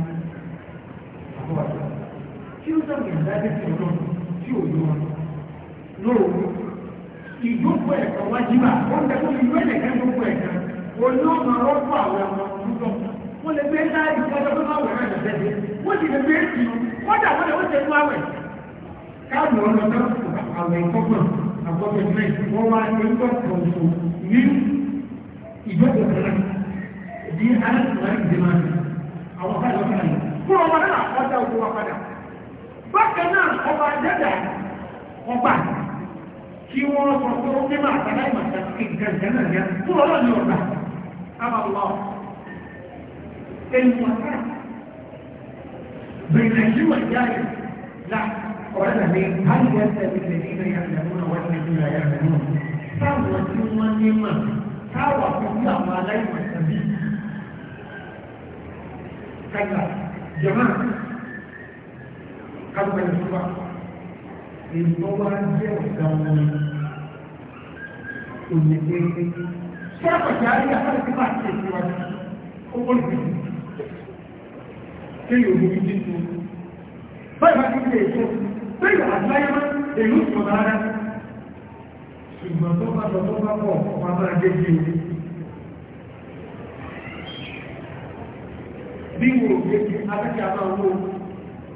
tó wà tí ó sàmì ìdájẹ́ sí ọlọ́run tí ò yọ wọn lóòrùn ìjókòó ẹ̀kọ́ wájúmà ó ń dẹ́kun ìlú ẹ̀dẹ̀kẹ́ gbogbo ẹ̀ka olóòmà rọ́pò àwọn ọmọ tuntun wọ́n lè gbé láàyè ìgbàjọ́ tó máa wẹ̀rẹ̀ ẹ̀dẹ̀dẹ̀ wọ́n sì lè gbé èsì kọ́dà wọ́n lè wọ́n ṣe tó àwẹ̀ káàmù ọlọ́dọ́ àwẹ̀ ìkọ́gbọ̀n àkọ́gbọ̀n mẹ́rin wọ́n wá ní ọjọ́ kọ̀ọ̀tù ní ìjókòó kan ní aláṣùwárí ìdè máa àwọn káàdì ọ̀kan yìí fún ọba náà ọjà òjò wa padà bákan náà ọba àjẹ́dà ọba kí wọ́n sọ pé ó fẹ́ máa tàbí àìmọ̀ta ìgbàgbà náà yá fún ọlọ́ọ̀ni ọ̀gá àbàlọ́ ẹnu ọ̀gá bẹ̀rẹ̀ yìí wà jáde là ọ̀rẹ́ rẹ̀ ní àyè ẹsẹ̀ mi lè ní ìrìn àjẹ́ múná wọ́n ti ní ìrìn àjẹ́ múná táwọn tí wọ́n ní mà táwọn jọ̀mọ́ kápẹ́ ìfúnpá èyí wá jẹ́ ọ̀gá wọn òní pé ṣé àpàtì àríyá láti bá ṣe ìwádìí ó wọ́n lè ṣe yóò mú ìdí tó báyìí bá ti ṣe èso bẹ́ẹ̀ àtúláyé má èyí ó sọ̀rọ̀ ara ṣùgbọ́n tó bá tó bá pọ̀ wọn máa dé bí bí wò yéjì abẹ́kẹ̀ àmà owó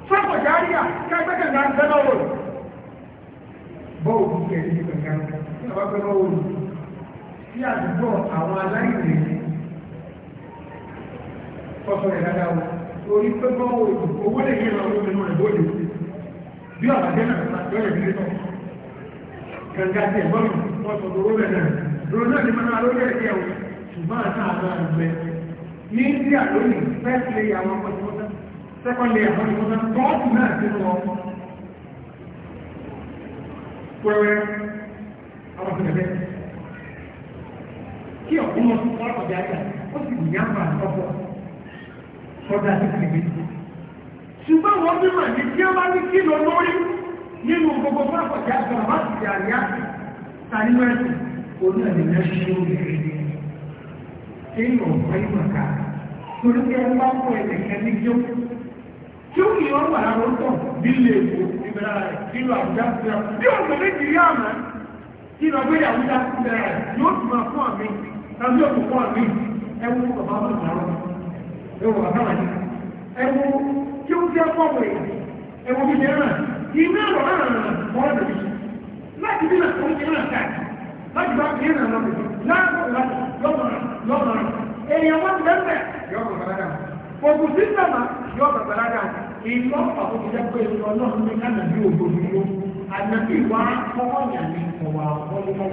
sọ́pọ̀ járíà kẹgbẹ́kẹ̀ náà tẹ́lọ wò bọ́ọ̀ bí ẹni kankan ní àwọn tẹ́lọ wò sí àdúgbò àwọn aláìní kọ́sọ̀ rẹ̀ dáadáa wò torí pé bọ́ọ̀ owó lè yẹ àwọn ọmọ ẹ̀mọ́ ìbòdì bí ọ̀rọ̀ jẹ́ náà ní India lónìí first layer àwọn ọkọ̀ ìmọ̀tá second layer àwọn ìmọ̀tá gọ́ọ̀tù náà ti lọ ọkọ̀ pẹ̀rẹ̀ àwọn ìpínlẹ̀ kí ọ̀gbọ́n mọ̀ sí ọ̀rọ̀ ọ̀dà àjà ó sì ní àpá ọkọ̀ ọ̀dà àti ìpínlẹ̀ ṣùgbọ́n wọ́n bí wà ní kí ọ bá ní kí lọ lórí nínú gbogbo fáfọ̀dé àgbà wá sí àríyá tàbí mẹ́rin òun náà lè lẹ́ṣin lórí rẹ̀ kéèyàn ọ̀pọ̀ ìmọ̀ká torí pé ẹ bá kọ ẹ̀dẹ̀kẹ́ ní kí ó tí ó kì í wọ́n wà láró tọ̀ nílé èkó ìbẹ̀rẹ̀ rẹ̀ nínú àwùjá ìbẹ̀rẹ̀ bí ó gbẹ̀rẹ̀ kì í àmà kí lọ gbé àwùjá ìbẹ̀rẹ̀ rẹ̀ yóò tún máa fún àmì tàbí òkú fún àmì ẹwú bàbá mọ̀ láró ẹwú bàbá wà ní ẹwú tí ó jẹ́ fọ́wọ̀ ẹwú bí jẹ́ náà iná lọ láti bí lọ́sọ̀rọ̀ jẹ́ náà káàkiri láti bá kí yọ ọ̀rọ̀ bàbá òkú sí sàmà yọ ọ̀rọ̀ bàbá ìlọ ọ̀pọ̀lọpọ̀ pé ìlọ náà ní kánà bí òdodo ló ànàbí ìwà kọ́kọ́ yàní ọ̀wà ọ̀pọ̀lọpọ̀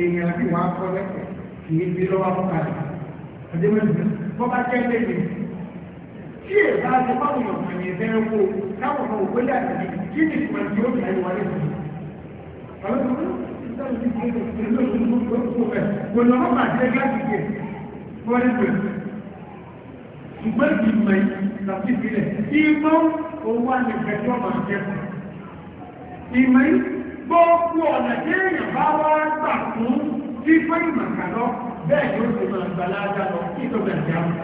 èèyàn bí wàá kọ́ lẹ́kẹ̀ẹ́ kì í bí lọ́wọ́ àkọ́kàlẹ̀ àdémẹ́sì bọ́ bá jẹ́ lẹ́yìn tí èèyàn bá ti bá wọn ọ̀nà yẹn bẹ́ẹ̀ wò káwọn ọ̀pọ̀lọpọ̀ àti kí ni ìpàdé ó Gbọ̀nàmọ́ bàjẹ́ gásìkè fọ́rí pẹ̀lú. Ṣùgbọ́n ìgbìmọ̀ ìtàkì ìpínlẹ̀, ìmọ̀ owó àlẹ́gbẹ̀ẹ́jọ́ máa jẹ́ fún. Ìmọ̀ gbogbo ọ̀nà tí èèyàn bá wá gbà fún fífẹ́ ìmọ̀kà lọ, bẹ́ẹ̀ ni ó ti máa gbà láàdá lọ kí tó bẹ̀rẹ̀ jáwọ́.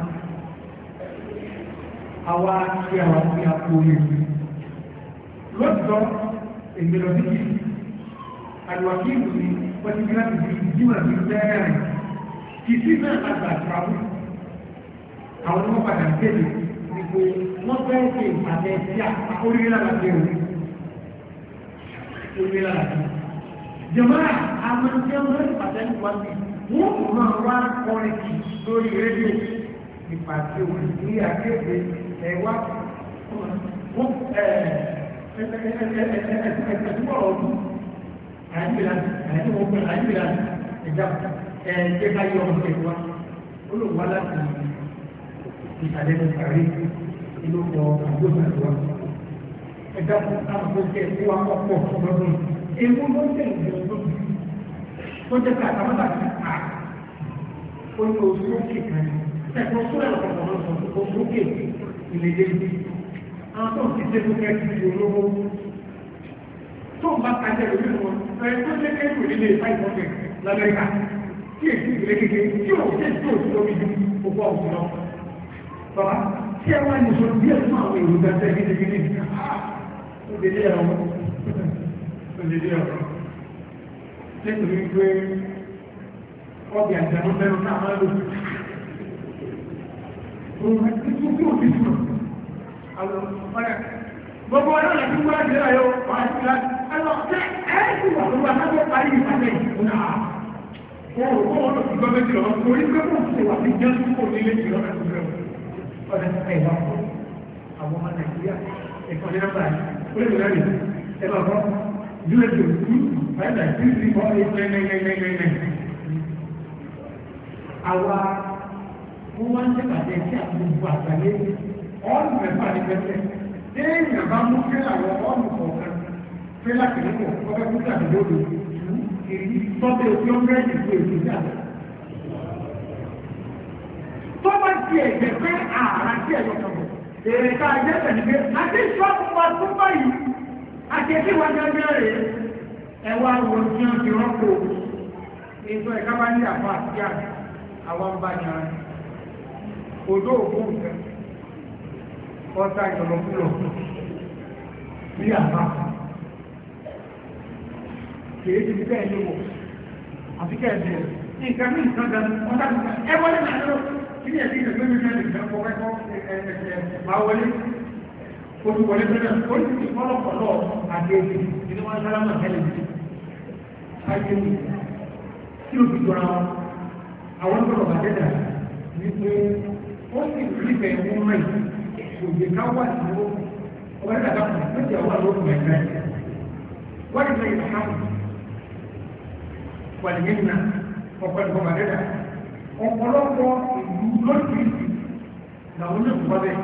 Àwa ti àwọn tí a kú orí. Lọ́tọ̀ èmi lọ sí kìí àlùwàkíìlù ni wọ́n ti gbá ti jímà ní bẹ́ẹ̀rẹ̀ kì sí náà àgbà àtúráwù àwọn ọmọ padà tẹ̀lé ni pé wọ́n fẹ́ ṣe ìpàdé sí àkórílẹ̀ àti ẹ̀rù orílẹ̀ àti jọmọ́ àwọn tí wọ́n fẹ́ ìpàdé ní wọ́n ti wọ́n kò máa òun ní akéde ẹ̀wá wọ́n pé àyíra ẹ̀dá ẹ̀ẹ́dẹ́ bá yọ ọmọ ẹ̀wá ó lò wá láti ìsàlẹ̀ ní parí inú kọ àgbóhùn ẹ̀wá ẹ̀dá fún àgbóhùn ẹ̀wá ọ̀pọ̀ lọ́dún ewu ló ń tẹ̀lé ọdún tó jẹ́ pé àtàwọn àti à ó ní oṣù òkè kan ẹ̀kọ́ sórí ọ̀pọ̀lọpọ̀ oṣù òkè ìlédè àwọn tó ń ti dé fún kẹ́kẹ́ olówó ń bá kájẹ́ lórí wọn ẹ̀ tó lé kéjù nílé five hundred lamẹ́ríkà tí èsì ìdílé kékeré tí ò ṣe tí ò sí ju gbogbo ọ̀hún lọ. bàbá tí ẹ wá ní sọ díẹ̀ fún àwọn èrò gbàtẹ́ gidigidi ó lè dé ẹ̀rọ ó lè dé ẹ̀rọ nítorí pé ọbẹ̀ àjàmọ́ mẹ́rin náà máa lò. òun ẹ̀ tó kí sùn. àwọn ọ̀rẹ́ gbogbo ọlọ́run ti wá sí ayọ̀ wá sí láti ẹlọ ṣe ẹ́ẹ̀sì wà lórí adájọ́ parí ìfàlẹ̀ ìfúnná wọn ò kọ́ wọn lọ sí gọ́ọ̀mẹ́ntì lọ torí pé kò sí wà ní jẹ́sí kò nílé jùlọ láti rẹ̀ ọ̀dẹ̀ ẹ̀yà fún àwọn ọmọ nàìjíríà ẹ̀kọ́ ní nọ́mbà yìí ó lè rẹ̀ ẹ̀ lọ bọ́ us to two five nine three three four eight nine nine nine nine nine àwa wọn wá ń tẹ̀pàdé sí àgbègbè àgbáyé ọ̀ọ́nù mẹ́fà ní pẹ́pẹ́ déèyàn bá mú kí àwọn ọ̀ọ́nù fẹ́lá kìlọ́pọ̀ ọbẹ̀ kúta ìlódò èyí tọ́bẹ̀ tí ó ń rẹ́ ìlú èdè náà. tó bá ti ẹ̀jẹ̀ pé ààrà sí ẹ̀yọ́ sọ̀rọ̀ èrè ká ajẹ́ tẹ̀lé àti ìṣọ́kù wa tó báyìí àti ẹ̀sìn wa gẹ́gẹ́ rẹ̀ ẹ wá wo tí wọ́n ti rọ́pò ètò ẹ̀ka bá ní àpá àti àti àwọn ń bá yàrá odó òkú nǹkan ọ̀tá ìjọ̀lọ́kúlọ̀ ní àpá kìí ti bẹ́ẹ̀ ní wọ̀ àti kẹ́ẹ̀dẹ̀ nǹkan ní nǹkan dá wọ́n dá nǹkan ẹ wọlé náà lọ kí ni ẹ̀sìn ìgbẹ́ mi náà lè fẹ́ kọ́ ẹ̀kọ́ ẹ̀ẹ̀ẹ̀ máa wọlé oṣù wọlé fẹ́rẹ̀ ó sì ti kọ́lọ̀kọ̀lọ̀ àgbègbè nínú wọn sálámà tẹ́lẹ̀ sí ayé mi tí o ti jọra wọn àwọn gbọdọ̀ bàjẹ́ dà ní pé ó sì rí bẹ̀ wọ́n rẹ̀ òye ká wà ní ọwọ́ ọ̀rẹ́dàgbà mẹ́jọ wà lókùn ẹ̀gbẹ́ wọ́n ti fẹ́ ìtàkùn wàlíyìnà ọ̀pọ̀lọpọ̀ màdẹ́dà ọ̀pọ̀lọpọ̀ ìlú lóṣìṣì làwọn olóògbọ́lẹ̀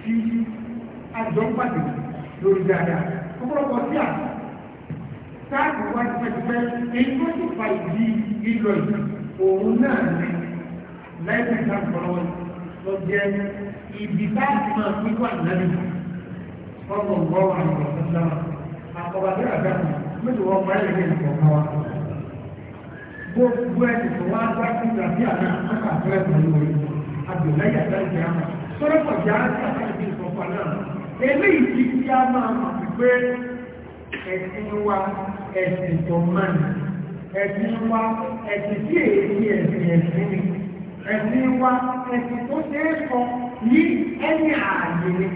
tí àjọ pàdé lórí dáadáa ọ̀pọ̀lọpọ̀ sí à táàbù wá tipẹ́tipẹ́ èyí tó ti fa ìdí lílọ yìí òun náà ní láìpẹ́ ìsàkọ̀lọ́ lọ jẹ́ ibi táàbù máa pín wà lẹ́nu ọgbọ̀ngbọ̀n àwọn ọ̀sán sáà àkọ́bàdé àdáhùn mẹ́tò wọn parí ẹ̀yẹ ìkọ̀ọ̀kan wa gbogbo ẹni tó wá gbá sí ìgbàdí àná àkàfẹ́ pẹ̀lú orí àgbẹ̀lẹ́yà láìpẹ́ àmà sọ́rọ́ pọ̀já sí àkàfẹ́ ìfọ̀fà náà eléyìí ti fi á máa mọ̀ pé ẹ̀sìn wa ẹ̀sìn tó mọ́ni ẹ̀sìn wa ẹ̀sìn tí èyí ẹ̀sìn ẹ̀sìn ni ẹ̀sìn wa ẹ̀sìn tó ṣe é sọ ní ẹni ààyè ni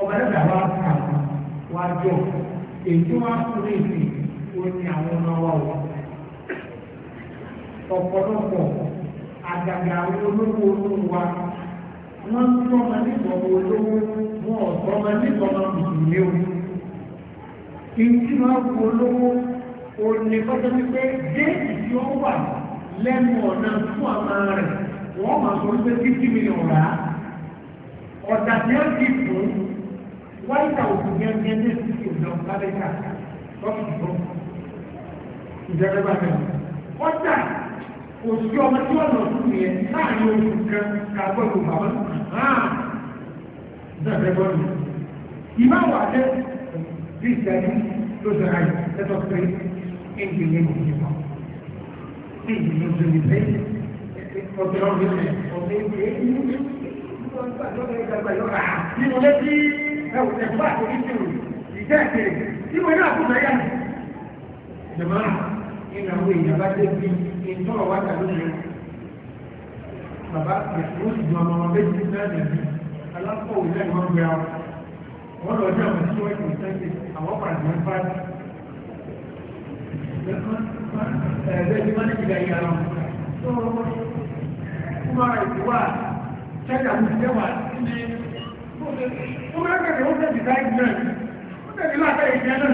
ọ̀bẹ̀rẹ̀dà wa kà wá jọ èyí wá fún èsì òní àwọn ọmọ wa wọ̀ ọ̀pọ̀lọpọ̀ àgàgà olówó olówó wa wọ́n ń tọ́mọ nígbọ̀mọ olówó wọn ò tọ́mọ nígbọ̀mọ mùsùlùmí o. ìdí máa ń wo olówó òní kọ́tọ́ wípé déètì tí ó wà lẹ́nu ọ̀nà fún àmà rẹ̀ wọ́n máa sọ wípé fifty million rà á ọ̀dà tí ó ti fún wáyé àwòkù yẹn ní ẹgbẹ́ ìsìnkú ìjọ lábẹ́ká lọ́kùnrin ìjọba bá bẹ̀rẹ̀ ọjà òṣìṣẹ́ ọmọ tí ọ̀nà ọdún yẹn láàrin oṣù kan kàgbọ́ ìlú bàbá náà dàbẹ̀ bọ́ọ̀lù ìmá wà jẹ́ bí ìsẹ́yìn ló ṣe ra ìtẹ́tọ́ pé èyí ni mo ti mọ̀ èyí ni mo ti rí pé ọ̀tẹ̀ ọ̀rẹ́ rẹ̀ ọ̀tẹ̀ èyí ni mo ti nínú létí ẹ̀fọ́ àtòkítìrò ìjẹ́ ìkèrè tí mo ní àkókò ẹ̀yà ìjọba ìnáwó ìyàbá dé bíi tọrọ wá dà lónìí rẹ bàbá àti ó sì dùn ọmọ wọn méjì náà nàbí alápò òun náà wọn gbé àwọn wọn lọ ní àwọn tí wọn kì í sẹ́ńtì àwọn pàdé wọn bá dì ẹgbẹ́ wọn ní ìgbà yìí ara wọn tó wọn wọn kú máa ìlú wa ṣẹ́ka mi ṣe wà ní ó máa ń kẹ̀kẹ́ ó tẹ̀sí sáyẹ̀dì náà ó tẹ̀sí láti ẹ̀jẹ̀ náà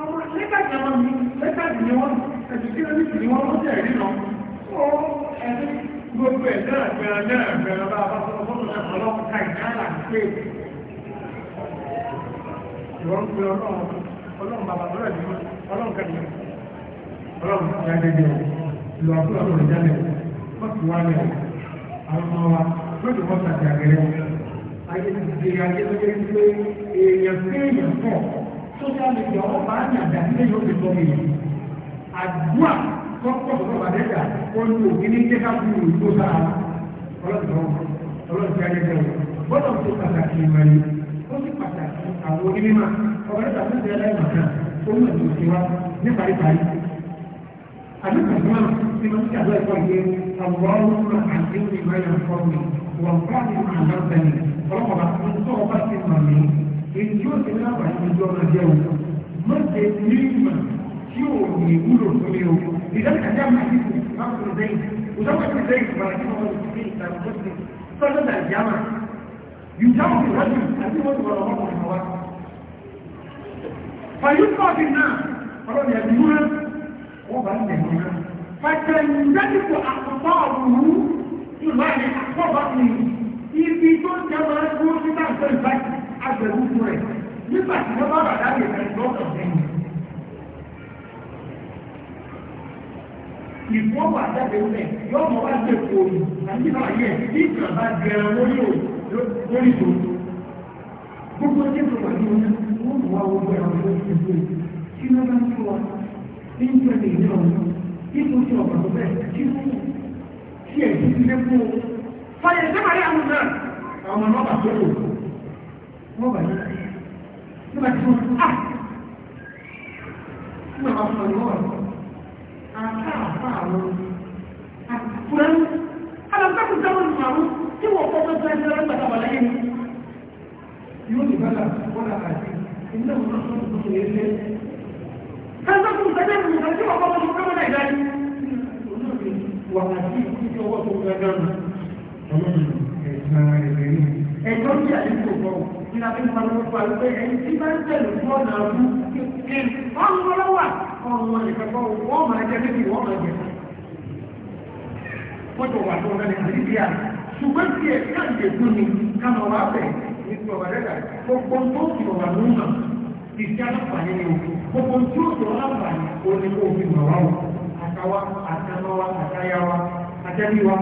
àwọn lẹ́tàdì ẹ̀sùn kí ẹni tí wọ́n mú tẹ̀rí lọ ó ẹni gbogbo ẹ̀ náà gbẹ̀rẹ̀ náà gbẹ̀rẹ̀ bá bá fọ́ fọ́nà náà ọlọ́run ká ìdáàlà pé ìwọ́n ń pe ọlọ́run ọlọ́run bàbá lọ́rẹ̀ ní ọlọ́run kẹ́lẹ́ ọlọ́run ti jáde jẹ ìlú àkúrò ọlọ́run jáde wọ́n ti wá lẹ̀ àwọn ọmọ wa lóde wọ́n tàbí àgẹ̀rẹ̀ ayé ti di ayé tó yẹ pé èèyàn sí èèyàn pọ̀ sójà lè jọ ọ̀bá àyàdà nílé yóò fi tọ́ mi yìí àdúrà tọ́pọ̀ tọ́pọ̀ bàdẹ́gà wọ́n ní òbí ní jẹ́ká fún ìlú tó sára ọlọ́dún ọlọ́dún ayẹyẹ gbọ́dọ̀ tó pàtàkì ìmọ̀lẹ́ ó sì pàtàkì àwọn onímọ̀ ọ̀rẹ́ tàbí ẹlẹ́mọ̀ náà ó mọ̀ ní ìṣẹ́wá ní paríparí. àdúgbò náà ti máa ń ṣàdó ẹ̀kọ́ yẹ àwòrán àti ìmọ̀ ẹ̀kọ́ mi wọ́n kọ́ àti ìmọ̀ àná sẹ́ni ọlọ́kọ̀ọ́ba tó ń tọ́ ọba tí ò ní wúlò fún mi o ìdájọ́ àjá máa ní kò máa kò lẹ́yìn òṣèlú kò lẹ́yìn ìgbàlá tí wọ́n ti ní ìtàn ìjọsìn sọ́jọ́ dà jáma yùjáwó ti rájú àti wọ́n ti wọ́n wọ́n wọ́n wá. fàyú kọ́ọ̀bì náà ọ̀rọ̀ yẹn ti wúrẹ́ wọ́n bá ń tẹ̀ ní náà. fàtẹ̀ ìdájọ́ kò àkọ́kọ́ ọ̀rùn ìbáyé àkọ́kọ́ ni ibi tó ń jẹ́ máa ń dúró nígbà tó ìbáyé agbẹ̀rù fún rẹ̀ nígbà tí wọ́n bá wà láyé ẹ̀ ìfowópamọ́ àjáde ńlẹ̀ yóò mọ̀ wá ṣe kò ní àti náà yẹ kí ìkàn bá gẹ̀rẹ̀ lórí lórí tó. Gbogbo ẹgbẹ́ tó wà ní ọjọ́ wọ́n mọ̀ wá gbogbo ẹ̀rọ tó ti gbé kí wọ́n bá ń tó wa ní ìjọ ní ìlú ọ̀hún kí mo ti ọ̀gbà tó bẹ́ẹ̀ kí wọ́n kí ẹ̀ ti lé fún o. Fọyẹ̀ ṣé màá yà wọ́n náà àwọn ọmọ náà bà tó lò wọ́n bà yẹn. Nígbà tí wọ́n á àkáàfà àwọn àtúrẹ́ alàbẹ́kù dáwọn ìmàrún tí wọ́n kọ́ pẹ́pẹ́ ẹgbẹ́ ẹgbẹ̀ta lẹ́yìn yóò ní bẹ́lá wọ́lá àti ilé ọ̀nà tó ń tó yẹ lé ẹgbẹ́kù gbẹ́gbẹ́ ìgbà tí wọ́n kọ́ pẹ́pẹ́ ẹgbẹ́ ẹgbẹ́ ẹgbẹ́ wà àti ìdí ọwọ́ tó gbẹ́gbẹ́ ẹ̀jọ́ bí àdínkù bọ̀ ní abẹ́kù máa ń lọ́pàá pé ẹni tí bá ń tẹ̀lé fún ọ̀nà àbú kí ọ̀nà ọlọ́wà fún wọn ìfẹ́kọ́ wọ́n máa jẹ́ méjì wọ́n máa jẹ́ wọ́n tó wà lọ́wọ́ lẹ́nu nàìjíríà ṣùgbọ́n tí ẹ̀ káàdì fún mi kánà wà bẹ̀ ní ọ̀rọ̀ rẹ̀ gbogbo tó ti wà lọ́wọ́ ìṣẹ́ àǹfààní ni o gbogbo tí ó tó àǹfààní o ní kó fi mọ̀ wá o àtàwa àtàmọ́wa àtàyàwa àtẹ́bíwa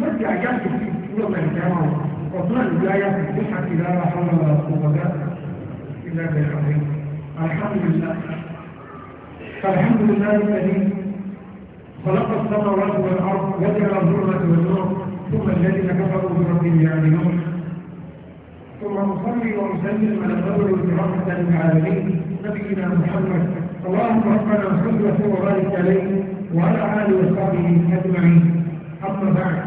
lọ́sì àyàtò ní ọ̀rọ̀ ìjàmọ̀ ọ̀tún àlùyọ àyàtò ní àwọn ọ̀rọ̀ ọ̀gá ìlànà ìlànà alhamdulillah فالحمد لله الذي خلق السماوات والأرض وجعل الظلمة والنور ثم الذين كفروا بربهم يعملون ثم أصلي وأسلم على المبعوث رحمة للعالمين نبينا محمد اللهم ربنا صل وبارك عليه وعلى آله وصحبه أجمعين أما بعد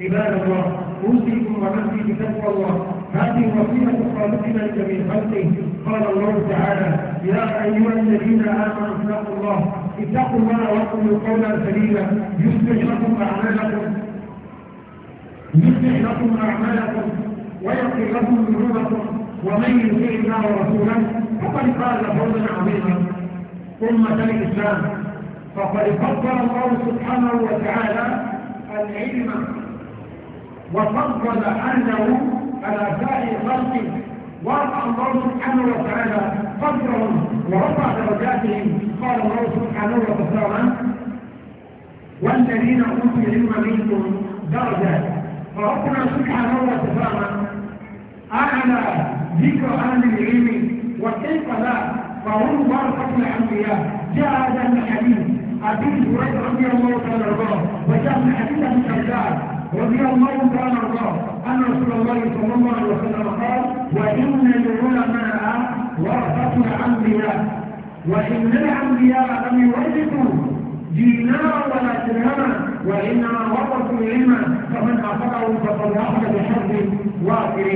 عباد الله أوصيكم ونفسي بتقوى الله هذه وصية خالقنا لجميع خلقه قال الله تعالى يا أيها الذين آمنوا اتقوا الله اتقوا الله وقولوا قولا سليما يصلح لكم أعمالكم يصلح لكم أعمالكم ويغفر لكم ذنوبكم ومن يطع الله ورسوله فقد قال فوزا عظيما أمة الإسلام فقد فضل الله سبحانه وتعالى العلم وفضل أنه على سائر خلقه وارفع الله سبحانه وتعالى قدرهم ورفع درجاتهم قال الله سبحانه وتعالى والذين اوتوا العلم منكم درجات فربنا سبحانه وتعالى اعلى ذكر اهل العلم وكيف لا فهم ورثه الانبياء جاء هذا الحديث ابي هريره رضي الله تعالى عنه وجاء من حديث ابي رضي الله تعالى عنه أن رسول الله صلى الله عليه وسلم قال وإن العلماء ورثة الأنبياء وإن الأنبياء لم يورثوا دينار ولا درهما وإنما ورثوا العلم فمن أخذه فقد أخذ بحظ وافر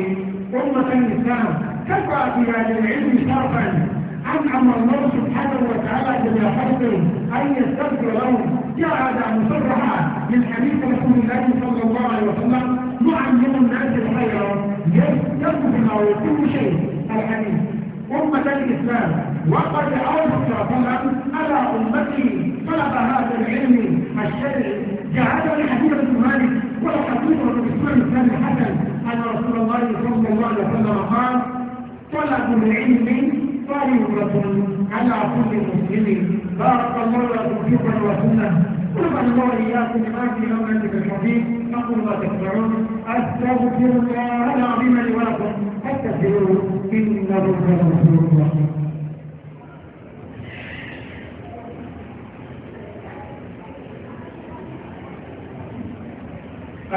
أمة الإسلام كفى العلم شرفا أنعم الله سبحانه وتعالى بما حظه أن يستغفر لهم جعل مصرحا من حديث رسول الله صلى الله عليه وسلم معلم الناس الخير بما كل شيء الحديث أمة الإسلام وقد أوصى طبعا على أمتي طلب هذا العلم الشرعي جعلني حديثة مالك والحقيقة الرسول الثاني حسن أن رسول الله صلى الله عليه وسلم قال طلب العلم فريضة على كل مسلم بارك الله لكم شكرا وسنة ونفع الله إياكم بما في مولاك الحكيم فقل ما تسمعون أستغفر الله العظيم لي ولكم فاتبعوه إنه هو الغفور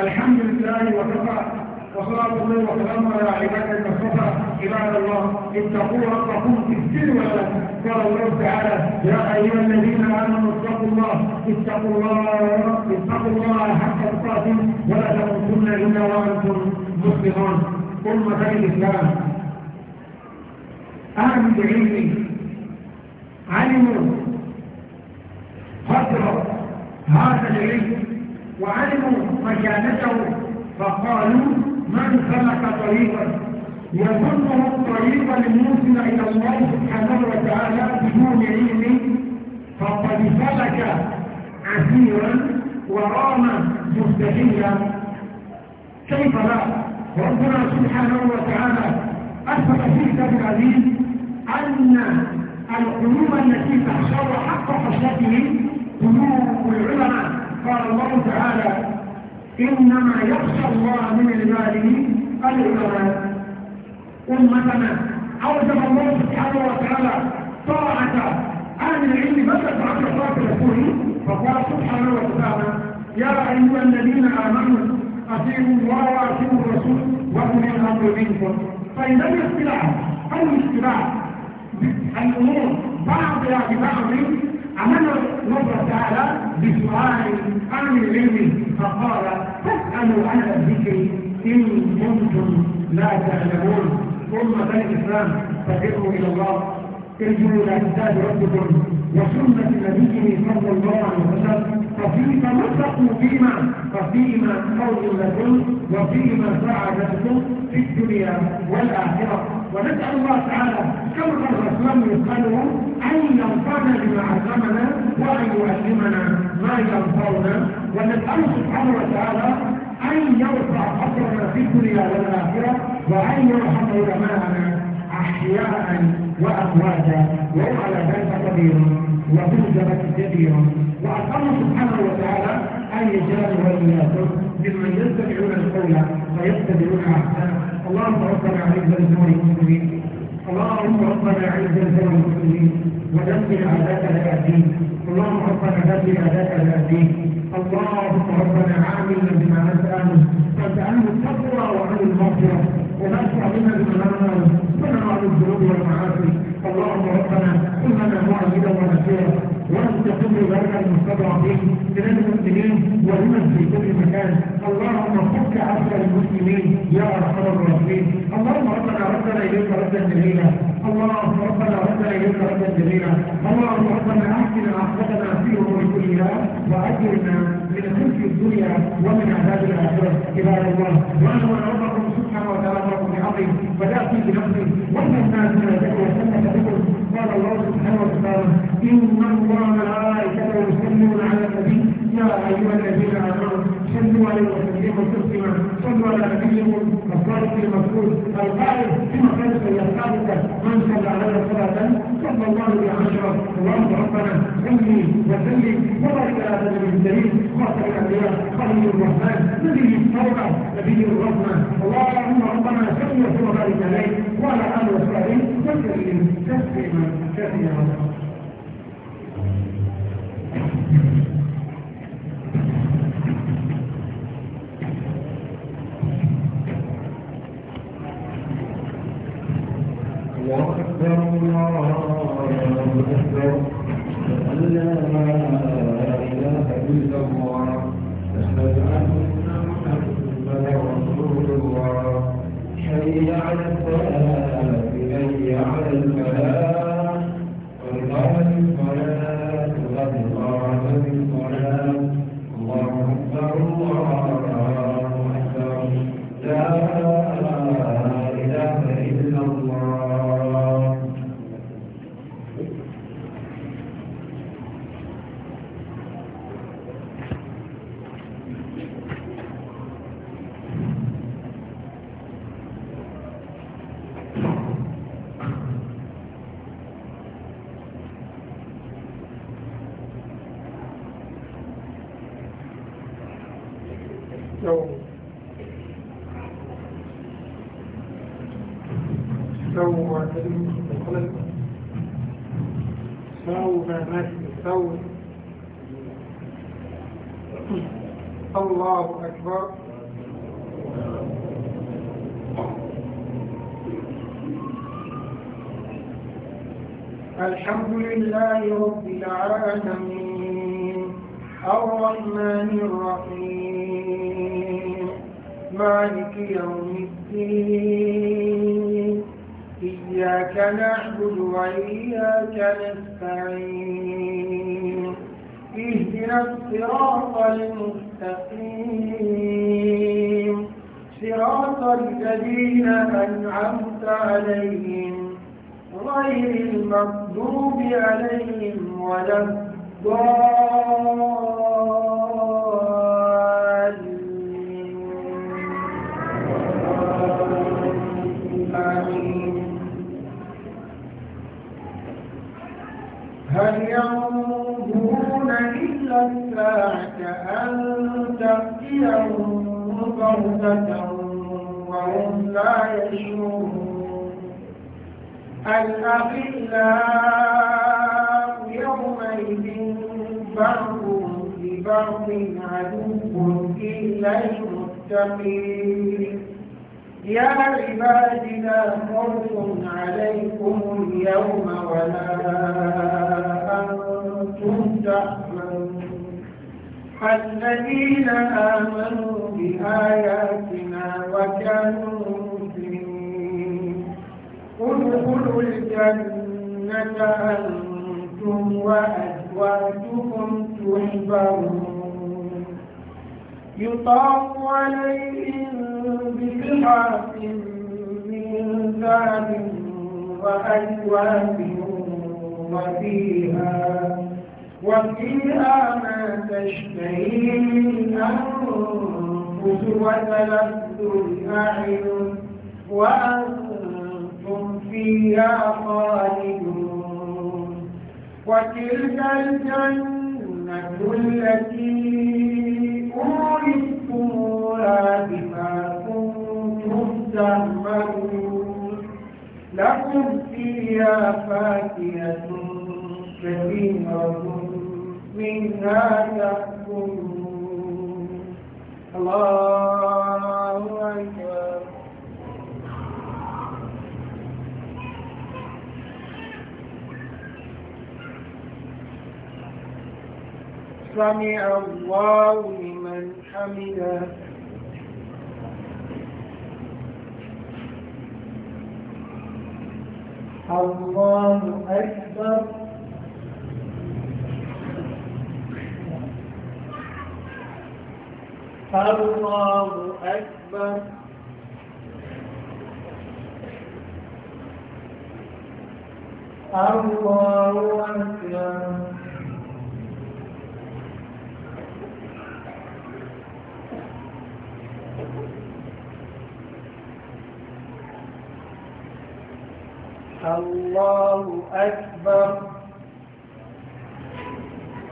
الحمد لله وكفى وصلاة الله وسلامه على عبادة المصطفى عباد الله اتقوا ربكم في السر والعلن قال الله تعالى يا أيها الذين آمنوا اتقوا الله اتقوا الله اتقوا الله حق تقاته ولا تموتن إلا وأنتم مسلمون أمة الإسلام أهل العلم علموا قدر هذا العلم وعلموا مكانته فقالوا من سلك طريقا يظنه الطريق الموصل الى الله سبحانه وتعالى بدون علم فقد سلك عسيرا ورام مستحيلا كيف لا ربنا سبحانه وتعالى اثبت في كتاب العزيز ان القلوب التي تحشر حق خشيته قلوب العلماء قال الله تعالى إنما يخشى الله من عباده العلماء أمتنا أوجب الله سبحانه وتعالى طاعة أهل العلم بدأت عن صلاة رسوله فقال سبحانه وتعالى يا أيها الذين آمنوا أطيعوا الله وأطيعوا الرسول وأولي الأمر منكم لم الاختلاف أو الاختلاف الأمور بعضها ببعض أمر الله تعالى بسؤال عن العلم فقال فاسألوا عن الذكر إن كنتم لا تعلمون أمة الإسلام فجروا إلى الله ارجو الى كتاب ربكم وسنه نبيه صلى الله عليه وسلم ففيما وفقوا فيما ففيما قول لكم وفيما ساعدتكم في الدنيا والاخره ونسال الله تعالى كما الرسول يساله ان ينفعنا بما علمنا وان يعلمنا ما ينفعنا ونساله سبحانه وتعالى ان يرفع قدرنا في الدنيا والاخره وان يرحم علماءنا احياء وأمواتا وهم على ذلك قدير وملزمة كثير وأقام سبحانه وتعالى أن يجعل ولياته ممن يستمعون القول فيتبعون أحسنه اللهم ربنا أعز الإسلام المسلمين اللهم ربنا عز الإسلام المسلمين ودمر أعداءك لك الدين اللهم ربنا دمر أعداءك لك الدين اللهم ربنا عاملنا بما نسأله آمن التقوى وعن المغفرة ونفس علينا بكلامنا ونفسنا عن اللهم ربنا اننا معيدا ونسيرا وانت كل ذلك المستضعفين بلاد المسلمين والمن في كل مكان اللهم فك عبد المسلمين يا ارحم الراحمين اللهم ربنا ردنا اليك ردا جميلا اللهم ربنا ردنا اليك ردا جميلا اللهم ربنا احسن عاقبتنا في امور كلها واجرنا من خلف الدنيا ومن عذاب الاخره عباد الله وانا ربكم سبحانه وتعالى بحقه فلا في بنفسي ومن الناس من ذكر سنه بكم قال الله سبحانه وتعالى إن الله ملائكته يصلون على النبي يا أيها الذين آمنوا صلوا عليه وسلموا تسليما صلوا على نبيكم الصالح المفروض القائل فيما خلف يقالك من صلى على صلاة صلى الله عشرة اللهم ربنا صلي وسلم وبارك على نبي الكريم خاتم الأنبياء خليل الرحمن نبي التوبة نبي الرحمة اللهم ربنا صل وسلم وبارك عليه وعلى آله وصحبه وسلم تسليما كثيرا الله أكبر الله أكبر لله رب العالمين الرحمن الرحيم مالك يوم الدين إياك نعبد وإياك نستعين اهدنا الصراط المستقيم صراط الذين أنعمت عليهم غير المغضوب المغضوب عليهم ولا الضالين هل ينظرون إلا الساعة أن تأتيهم بغتة وهم لا يشعرون الأخلاء يومئذ بعضهم لبعض عدو إلا المتقين يا عباد لا خوف عليكم اليوم ولا أنتم تحزنون الذين آمنوا بآياتنا وكانوا ادخلوا الجنة أنتم وأزواجكم تحبرون يطاف عليهم بصحاف من ذهب وأكواب وفيها وفيها ما تشتهي الأنفس وتلذ الأعين وأنتم هم فيها خالدون وتلك الجنة التي أورثتموها بما كنتم تعملون لكم فيها فاكهة كثيرة منها تأكلون الله أكبر سمع الله لمن حمده الله أكبر الله أكبر الله أكبر الله أكبر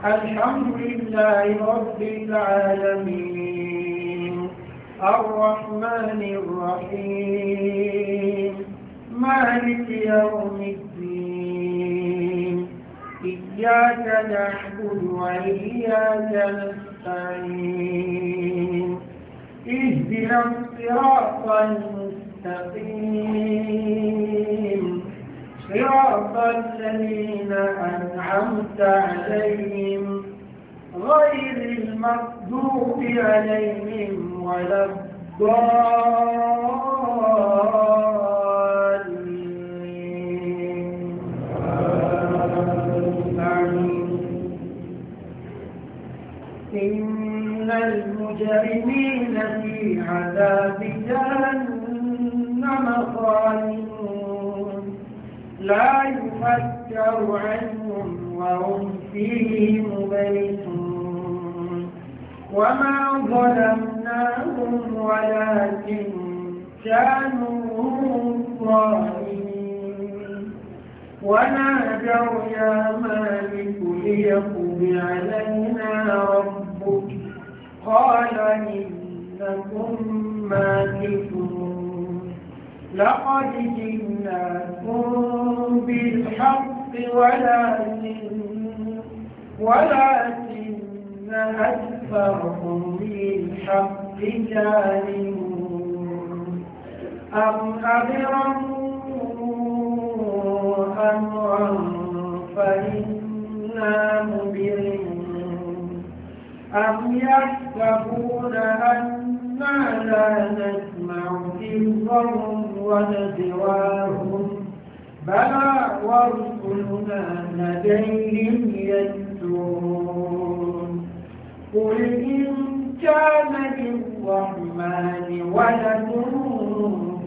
الحمد لله رب العالمين الرحمن الرحيم مالك يوم الدين إياك نعبد وإياك نستعين اهدنا الصراط المستقيم صراط الذين أنعمت عليهم غير المكذوب عليهم ولا الضالين إن المجرمين في عذاب جهنم خالدين لا يفكر عنهم وهم فيه مبلسون وما ظلمناهم ولكن كانوا ظالمين ونادوا يا مالك ليقض علينا ربك قال إنكم ماكثون لقد جئناكم بالحق ولكن ولكن أكثرهم للحق جاهلون أم أبرموا أمرا فإنا مبرمون أم يحسبون أنا لا نسمع الظلم ونجواهم بلى ورسلنا لديهم يكتبون قل إن كان للرحمن ولد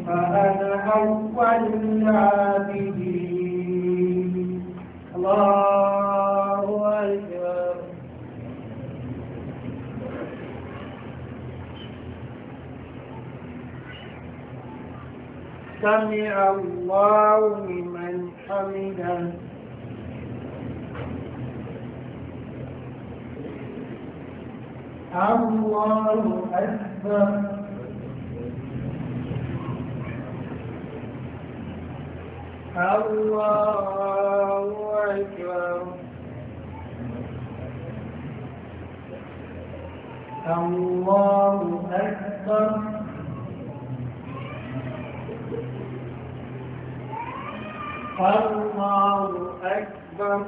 فأنا أول العابدين الله أكبر سمع الله لمن حمده الله أكبر الله أكبر الله أكبر الله أكبر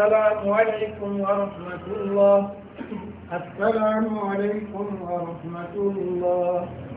السلام عليكم ورحمة الله السلام عليكم ورحمة الله